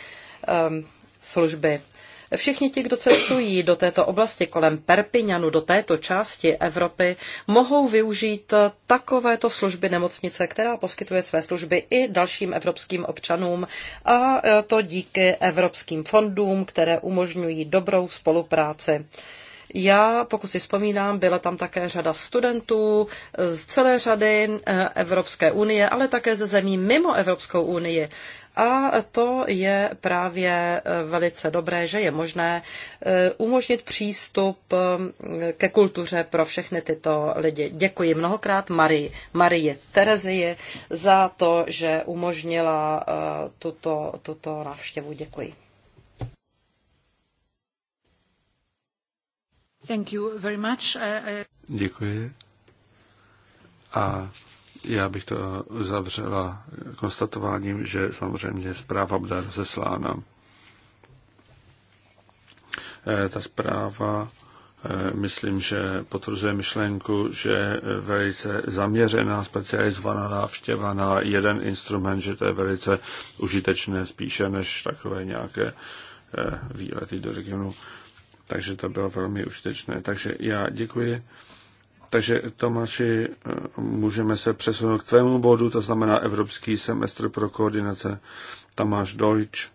ehm, služby. Všichni ti, kdo cestují do této oblasti kolem Perpignanu, do této části Evropy, mohou využít takovéto služby nemocnice, která poskytuje své služby i dalším evropským občanům a eh, to díky evropským fondům, které umožňují dobrou spolupráci. Já, pokud si vzpomínám, byla tam také řada studentů z celé řady eh, Evropské unie, ale také ze zemí mimo Evropskou unii. A to je právě eh, velice dobré, že je možné eh, umožnit přístup ke kultuře pro všechny tyto lidi. Děkuji mnohokrát Marii, Marie Terezii za to, že umožnila tuto, tuto návštěvu. Děkuji. Thank you very much. Děkuji. A já bych to zavřela konstatováním, že samozřejmě zpráva bude rozeslána. Eh, ta zpráva, eh, myslím, že potvrzuje myšlenku, že velice zaměřená, specializovaná návštěva na jeden instrument, že to je velice užitečné spíše než takové nějaké eh, výlety do regionu takže to bylo velmi užitečné. Takže já děkuji. Takže Tomáši, můžeme se přesunout k tvému bodu, to znamená Evropský semestr pro koordinace. Tamáš Deutsch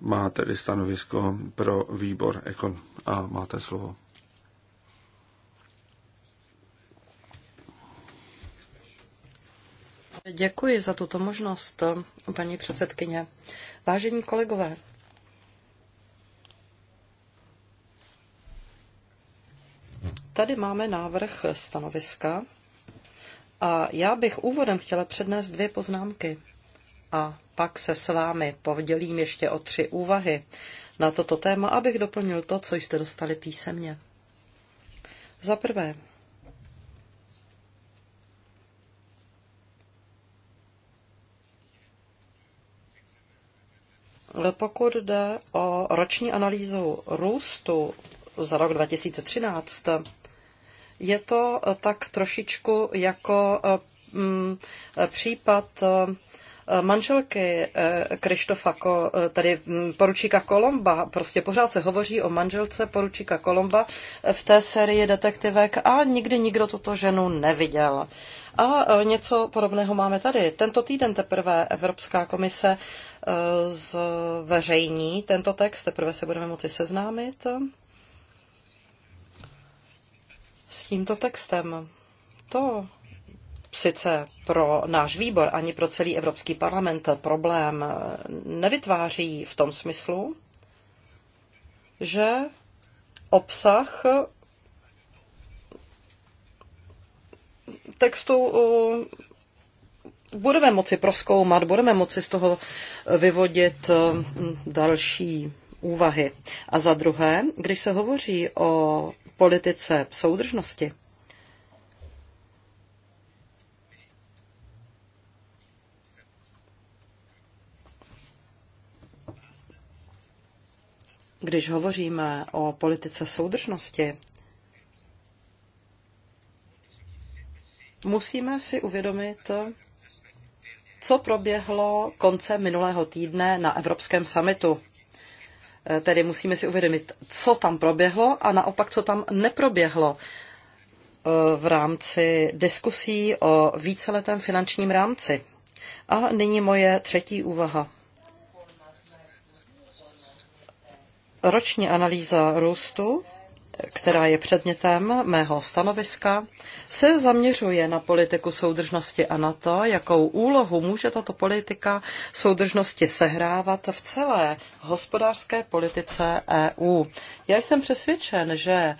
má tedy stanovisko pro výbor Ekon a máte slovo. Děkuji za tuto možnost, paní předsedkyně. Vážení kolegové, Tady máme návrh stanoviska a já bych úvodem chtěla přednést dvě poznámky a pak se s vámi podělím ještě o tři úvahy na toto téma, abych doplnil to, co jste dostali písemně. Za prvé, Pokud jde o roční analýzu růstu za rok 2013, je to eh, tak trošičku jako eh, mm, eh, případ manželky Krištofa, tedy mm, poručíka Kolomba. Prostě pořád se hovoří o manželce poručíka Kolomba v té sérii detektivek a nikdy nikdo tuto ženu neviděl. A něco podobného máme tady. Tento týden teprve Evropská komise zveřejní tento text, teprve se budeme moci seznámit s tímto textem. To sice pro náš výbor ani pro celý Evropský parlament problém nevytváří v tom smyslu, že obsah textu budeme moci proskoumat, budeme moci z toho vyvodit eh, další úvahy. A za druhé, když se hovoří o politice soudržnosti. Když hovoříme o politice soudržnosti, musíme si uvědomit, co proběhlo konce minulého týdne na Evropském samitu Eh, tedy musíme si uvědomit, co tam proběhlo a naopak, co tam neproběhlo eh, v rámci diskusí o víceletém finančním rámci. A nyní moje třetí úvaha. Roční analýza růstu která je předmětem mého stanoviska, se zaměřuje na politiku soudržnosti a na to, jakou úlohu může tato politika soudržnosti sehrávat v celé hospodářské politice EU. Já jsem přesvědčen, že e,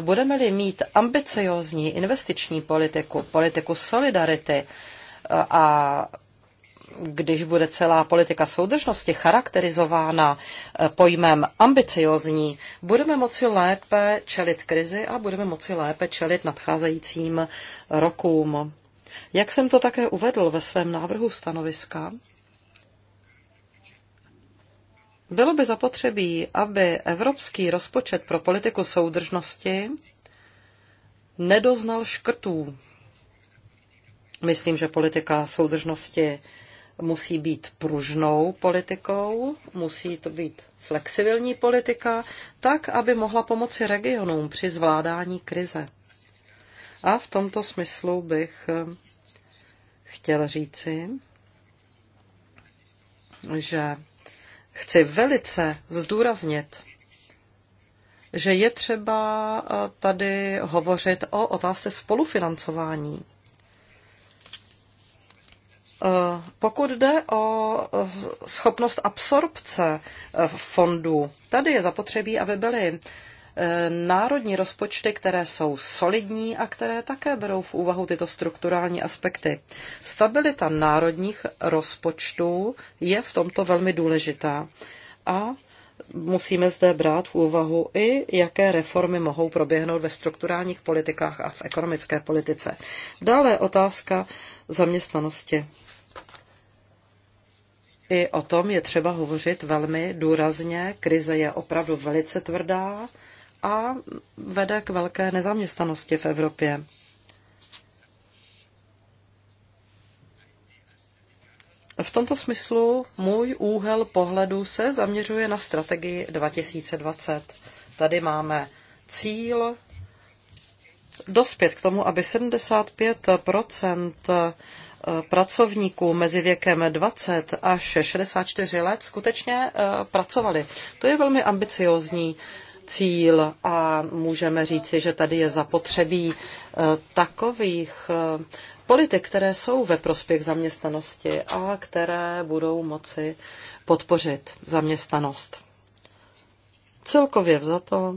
budeme-li mít ambiciozní investiční politiku, politiku solidarity e, a když bude celá politika soudržnosti charakterizována eh, pojmem ambiciozní, budeme moci lépe čelit krizi a budeme moci lépe čelit nadcházejícím rokům. Jak jsem to také uvedl ve svém návrhu stanoviska, bylo by zapotřebí, aby evropský rozpočet pro politiku soudržnosti nedoznal škrtů. Myslím, že politika soudržnosti musí být pružnou politikou, musí to být flexibilní politika, tak, aby mohla pomoci regionům při zvládání krize. A v tomto smyslu bych eh, chtěl říci, že chci velice zdůraznit, že je třeba eh, tady hovořit o otázce spolufinancování Eh, pokud jde o eh, schopnost absorpce eh, fondů, tady je zapotřebí, aby byly národní rozpočty, které jsou solidní a které také berou v úvahu tyto strukturální aspekty. Stabilita národních rozpočtů je v tomto velmi důležitá a musíme zde brát v úvahu i, jaké reformy mohou proběhnout ve strukturálních politikách a v ekonomické politice. Dále otázka zaměstnanosti. I o tom je třeba hovořit velmi důrazně. Krize je opravdu velice tvrdá a vede k velké nezaměstnanosti v Evropě. V tomto smyslu můj úhel pohledu se zaměřuje na strategii 2020. Tady máme cíl dospět k tomu, aby 75 Eh, pracovníků mezi věkem 20 až 64 let skutečně eh, pracovali. To je velmi ambiciozní cíl a můžeme říci, že tady je zapotřebí eh, takových politik, které jsou ve prospěch zaměstnanosti a které budou moci podpořit zaměstnanost. Celkově vzato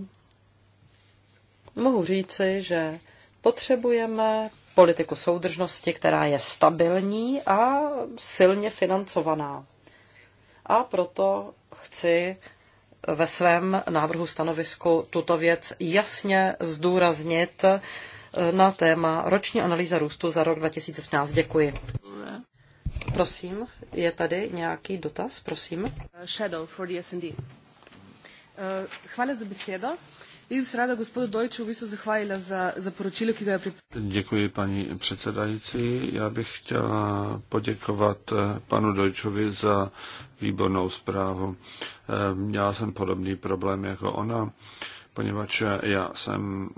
mohu říci, že Potřebujeme politiku soudržnosti, která je stabilní a silně financovaná. A proto chci ve svém návrhu stanovisku tuto věc jasně zdůraznit na téma roční analýza růstu za rok 2013. Děkuji. Prosím, je tady nějaký dotaz? Prosím. Shadow for the S&D. Eh, chvále za besedo bych se ráda gospodu Dojču za, za které připravil. Děkuji paní předsedající. Já bych chtěla poděkovat eh, panu Dojčovi za výbornou zprávu. Eh, měla jsem podobný problém jako ona, poněvadž já jsem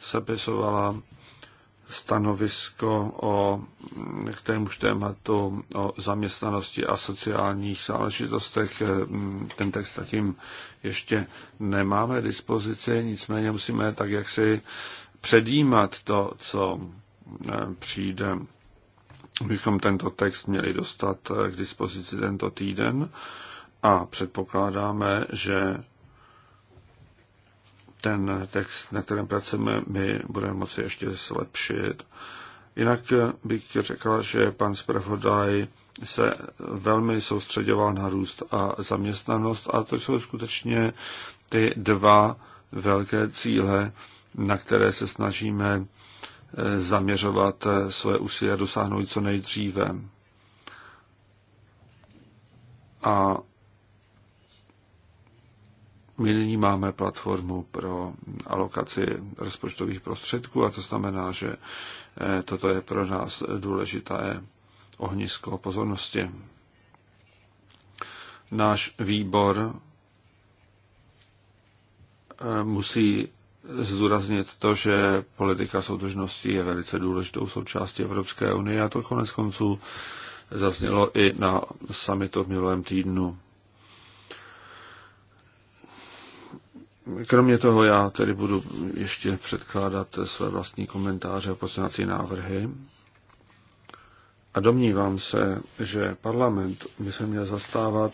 sepisovala stanovisko o, k témuž tématu o zaměstnanosti a sociálních záležitostech. Ten text zatím ještě nemáme k dispozici, nicméně musíme tak jaksi předjímat to, co e, přijde. Bychom tento text měli dostat e, k dispozici tento týden a předpokládáme, že ten text, na kterém pracujeme, my budeme moci ještě zlepšit. Jinak bych řekl, že pan zpravodaj se velmi soustředoval na růst a zaměstnanost a to jsou skutečně ty dva velké cíle, na které se snažíme eh, zaměřovat eh, své úsilí a dosáhnout co nejdříve. A my nyní máme platformu pro alokaci rozpočtových prostředků a to znamená, že eh, toto je pro nás důležité ohnisko pozornosti. Náš výbor eh, musí zdůraznit to, že politika soudržnosti je velice důležitou součástí Evropské unie a to konec konců zaznělo i na samitu v minulém týdnu. Kromě toho já tedy budu ještě předkládat své vlastní komentáře a poslanací návrhy. A domnívám se, že parlament by se měl zastávat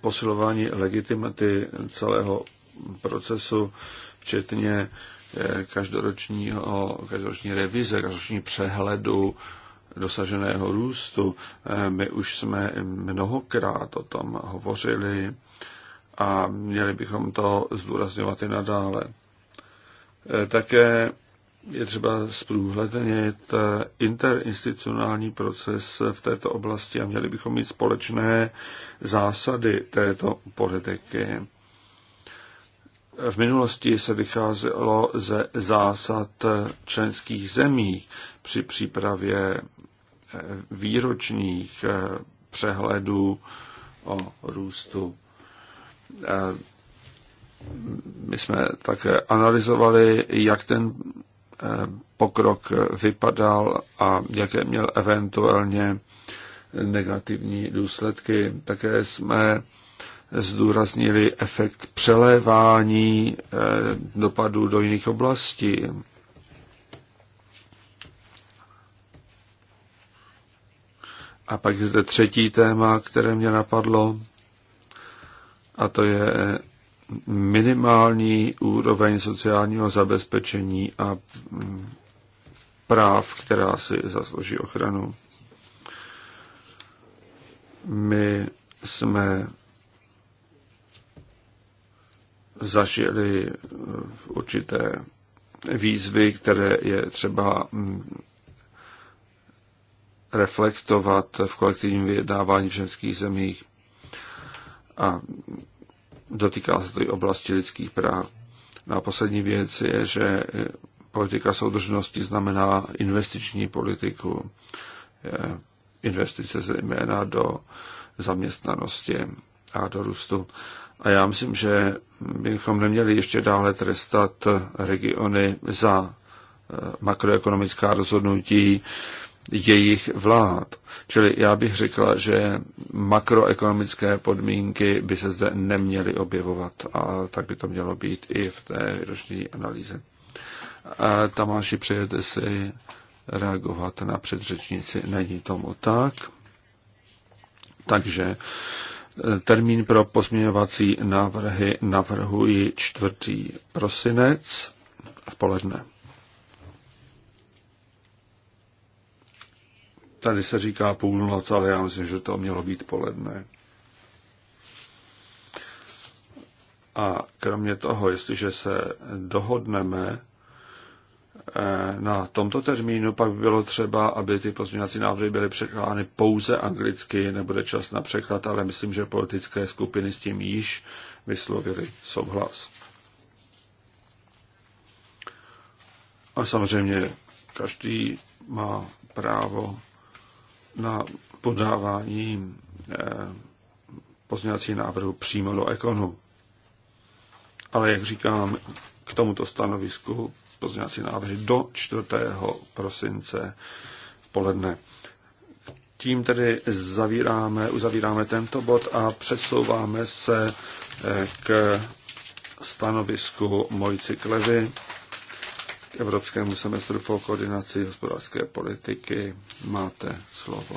posilování legitimity celého procesu, včetně eh, každoročního, každoroční revize, každoroční přehledu dosaženého růstu. Eh, my už jsme mnohokrát o tom hovořili a měli bychom to zdůrazňovat i nadále. E, také je třeba zprůhlednit e, interinstitucionální proces v této oblasti a měli bychom mít společné zásady této politiky. E, v minulosti se vycházelo ze zásad členských zemí při přípravě výročních přehledů o růstu. Eh, my jsme také analyzovali, jak ten eh, pokrok vypadal a jaké měl eventuálně negativní důsledky. Také jsme zdůraznili efekt přelévání eh, dopadů do jiných oblastí. A pak je zde třetí téma, které mě napadlo a to je minimální úroveň sociálního zabezpečení a mm, práv, která si zaslouží ochranu. My jsme zažili eh, určité výzvy, které je třeba mm, reflektovat v kolektivním vyjednávání v ženských zemích a dotýká se to i oblasti lidských práv. No a poslední věc je, že eh, politika soudržnosti znamená investiční politiku, eh, investice zejména do zaměstnanosti a do růstu. A já myslím, že bychom neměli ještě dále trestat regiony za eh, makroekonomická rozhodnutí, jejich vlád. Čili já bych řekla, že makroekonomické podmínky by se zde neměly objevovat a tak by to mělo být i v té roční analýze. A Tamáši, přejete si reagovat na předřečnici? Není tomu tak. Takže eh, termín pro pozměňovací návrhy navrhuji 4. prosinec v poledne. Tady se říká půlnoc, ale já myslím, že to mělo být poledne. A kromě toho, jestliže se dohodneme eh, na tomto termínu, pak by bylo třeba, aby ty pozměňovací návrhy byly překládány pouze anglicky, nebude čas na překlad, ale myslím, že politické skupiny s tím již vyslovili souhlas. A samozřejmě každý má právo na podávání eh, pozměňovací návrhu přímo do ekonu. Ale jak říkám, k tomuto stanovisku pozměňovací návrhy do 4. prosince v poledne. Tím tedy zavíráme, uzavíráme tento bod a přesouváme se eh, k stanovisku Mojci Klevy k Evropskému semestru po koordinaci hospodářské politiky. Máte slovo.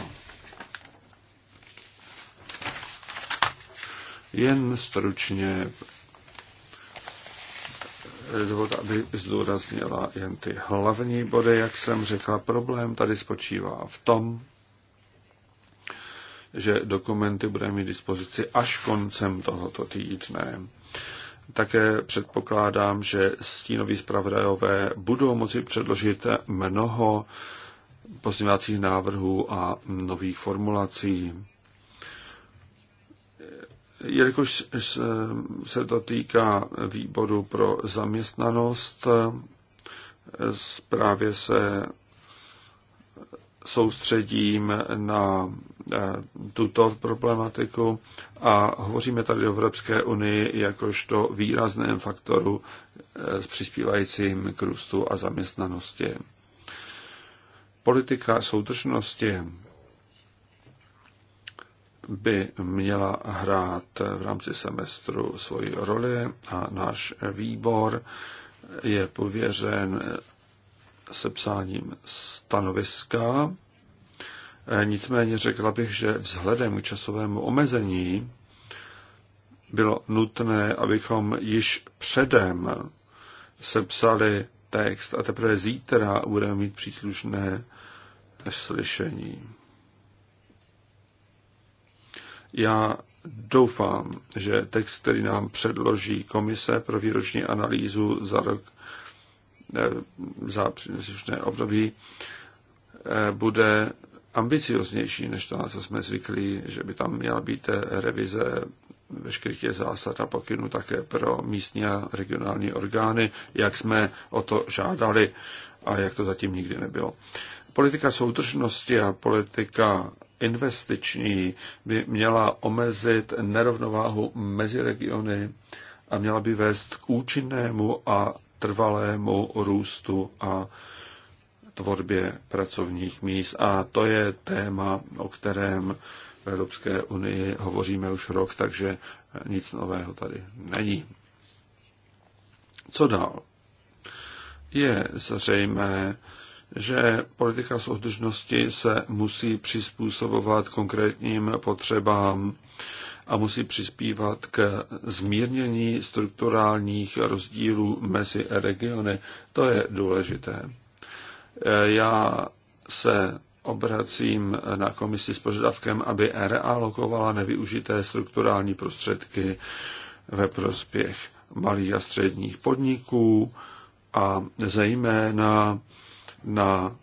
Jen stručně dovolte, aby zdůraznila jen ty hlavní body, jak jsem řekla. Problém tady spočívá v tom, že dokumenty budeme mít dispozici až koncem tohoto týdne. Také předpokládám, že stínoví zpravodajové budou moci předložit mnoho pozměňovacích návrhů a nových formulací. Jelikož se to týká výboru pro zaměstnanost, zprávě se soustředím na Eh, tuto problematiku a hovoříme tady o Evropské unii jakožto výrazném faktoru s eh, přispívajícím k růstu a zaměstnanosti. Politika soudržnosti by měla hrát v rámci semestru svoji roli a náš výbor je pověřen sepsáním stanoviska Eh, nicméně řekla bych, že vzhledem k časovému omezení bylo nutné, abychom již předem sepsali text a teprve zítra budeme mít příslušné slyšení. Já doufám, že text, který nám předloží Komise pro výroční analýzu za rok eh, za příslušné období, eh, bude ambicioznější než to, na co jsme zvyklí, že by tam měla být revize veškerých těch zásad a pokynů také pro místní a regionální orgány, jak jsme o to žádali a jak to zatím nikdy nebylo. Politika soudržnosti a politika investiční by měla omezit nerovnováhu mezi regiony a měla by vést k účinnému a trvalému růstu a tvorbě pracovních míst. A to je téma, o kterém v Evropské unii hovoříme už rok, takže nic nového tady není. Co dál? Je zřejmé, že politika soudržnosti se musí přizpůsobovat konkrétním potřebám a musí přispívat k zmírnění strukturálních rozdílů mezi regiony. To je důležité. Eh, já se obracím na komisi s požadavkem, aby lokovala nevyužité strukturální prostředky ve prospěch malých a středních podniků a zejména na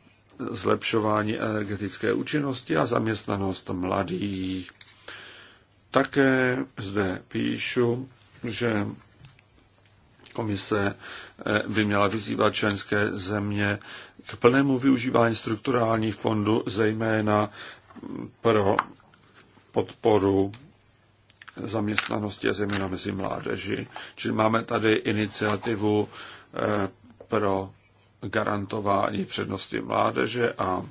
zlepšování energetické účinnosti a zaměstnanost mladých. Také zde píšu, že komise eh, by měla vyzývat členské země k plnému využívání strukturálních fondů, zejména pro podporu zaměstnanosti a zejména mezi mládeži. Čili máme tady iniciativu eh, pro garantování přednosti mládeže a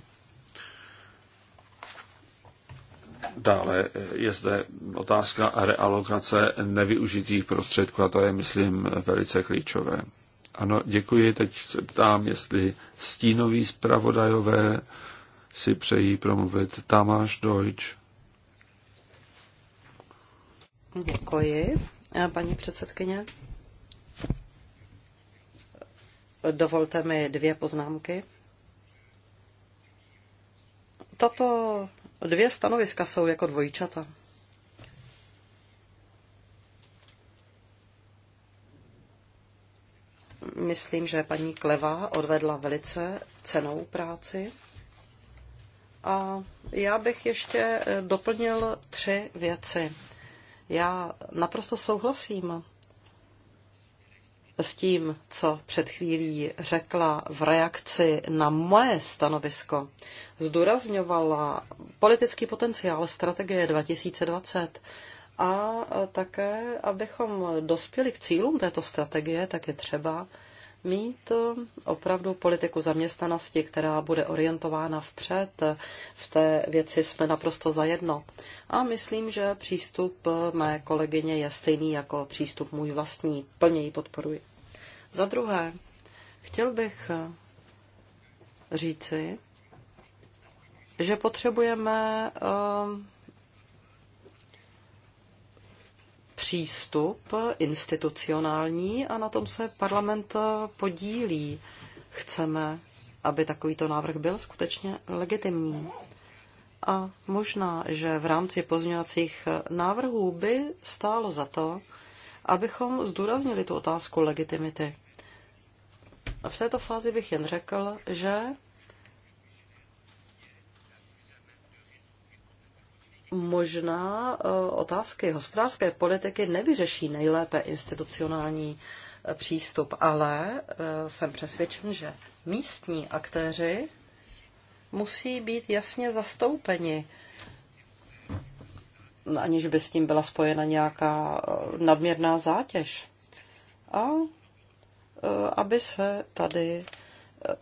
dále je zde otázka realokace nevyužitých prostředků a to je, myslím, velice klíčové. Ano, děkuji. Teď se ptám, jestli stínoví zpravodajové si přejí promluvit. Tamáš Deutsch. Děkuji, eh, paní předsedkyně. Dovolte mi dvě poznámky. Tato dvě stanoviska jsou jako dvojčata. myslím, že paní Kleva odvedla velice cenou práci. A já bych ještě eh, doplnil tři věci. Já naprosto souhlasím s tím, co před chvílí řekla v reakci na moje stanovisko. Zdůrazňovala politický potenciál strategie 2020 a také, abychom dospěli k cílům této strategie, tak je třeba mít eh, opravdu politiku zaměstnanosti, která bude orientována vpřed. V té věci jsme naprosto zajedno. A myslím, že přístup eh, mé kolegyně je stejný jako přístup můj vlastní. Plně ji podporuji. Za druhé, chtěl bych eh, říci, že potřebujeme přístup institucionální a na tom se parlament podílí. Chceme, aby takovýto návrh byl skutečně legitimní. A možná, že v rámci pozměňovacích návrhů by stálo za to, abychom zdůraznili tu otázku legitimity. V této fázi bych jen řekl, že možná eh, otázky hospodářské politiky nevyřeší nejlépe institucionální eh, přístup, ale eh, jsem přesvědčen, že místní aktéři musí být jasně zastoupeni, aniž by s tím byla spojena nějaká nadměrná zátěž. A aby se tady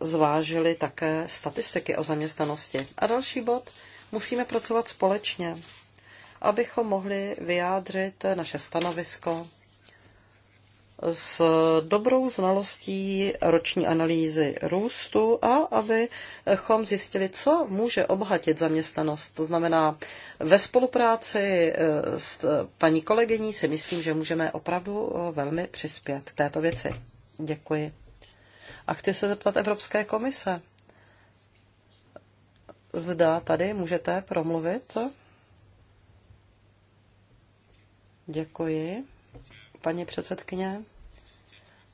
zvážili také statistiky o zaměstnanosti. A další bod, musíme pracovat společně, abychom mohli vyjádřit naše stanovisko s dobrou znalostí roční analýzy růstu a abychom zjistili, co může obohatit zaměstnanost. To znamená, ve spolupráci eh, s paní kolegyní si myslím, že můžeme opravdu eh, velmi přispět k této věci. Děkuji. A chci se zeptat Evropské komise. Zda tady můžete promluvit? Děkuji. Paní předsedkyně,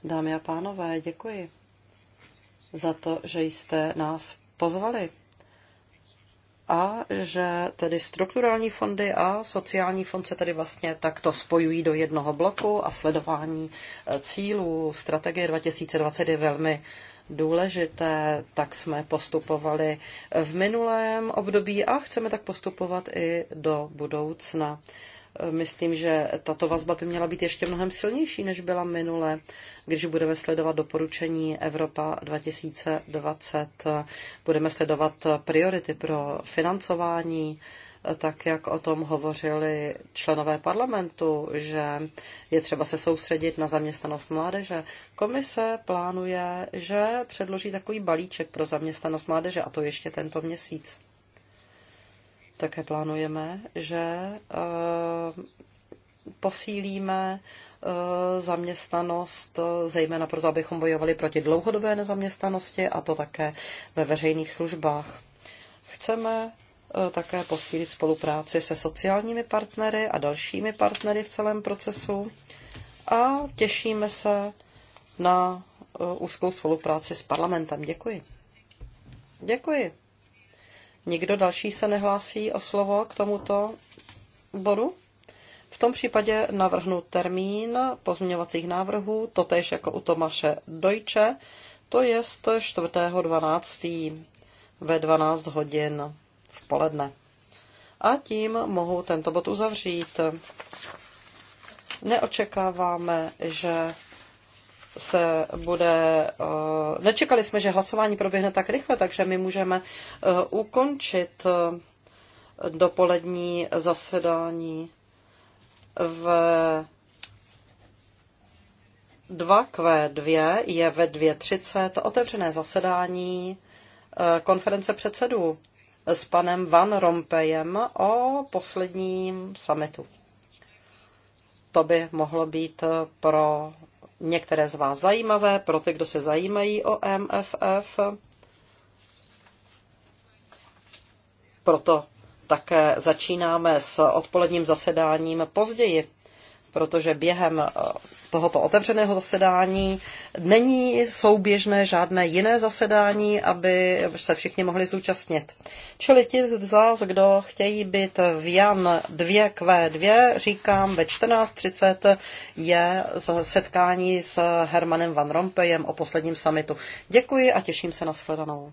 dámy a pánové, děkuji za to, že jste nás pozvali a že tedy strukturální fondy a sociální fond se tedy vlastně takto spojují do jednoho bloku a sledování eh, cílů strategie 2020 je velmi důležité, tak jsme postupovali v minulém období a chceme tak postupovat i do budoucna myslím, že tato vazba by měla být ještě mnohem silnější, než byla minule, když budeme sledovat doporučení Evropa 2020, budeme sledovat priority pro financování, tak jak o tom hovořili členové parlamentu, že je třeba se soustředit na zaměstnanost mládeže. Komise plánuje, že předloží takový balíček pro zaměstnanost mládeže, a to ještě tento měsíc. Také plánujeme, že eh, posílíme eh, zaměstnanost, eh, zejména proto, abychom bojovali proti dlouhodobé nezaměstnanosti a to také ve veřejných službách. Chceme také posílit spolupráci se sociálními partnery a dalšími partnery v celém procesu a těšíme se na úzkou spolupráci s parlamentem. Děkuji. Děkuji. Nikdo další se nehlásí o slovo k tomuto bodu? V tom případě navrhnu termín pozměňovacích návrhů, totež jako u Tomáše Dojče, to je 4.12. ve 12 hodin v poledne. A tím mohu tento bod uzavřít. Neočekáváme, že se bude... Eh, nečekali jsme, že hlasování proběhne tak rychle, takže my můžeme eh, ukončit eh, dopolední zasedání v 2Q2 je ve 2.30 otevřené zasedání konference předsedů s panem Van Rompejem o posledním sametu. To by mohlo být pro některé z vás zajímavé pro ty, kdo se zajímají o MFF. Proto také začínáme s odpoledním zasedáním později protože během eh, tohoto otevřeného zasedání není souběžné žádné jiné zasedání, aby se všichni mohli zúčastnit. Čili ti z vás, kdo chtějí být v Jan 2Q2, říkám, ve 14.30 je setkání s Hermanem Van Rompejem o posledním samitu. Děkuji a těším se na shledanou.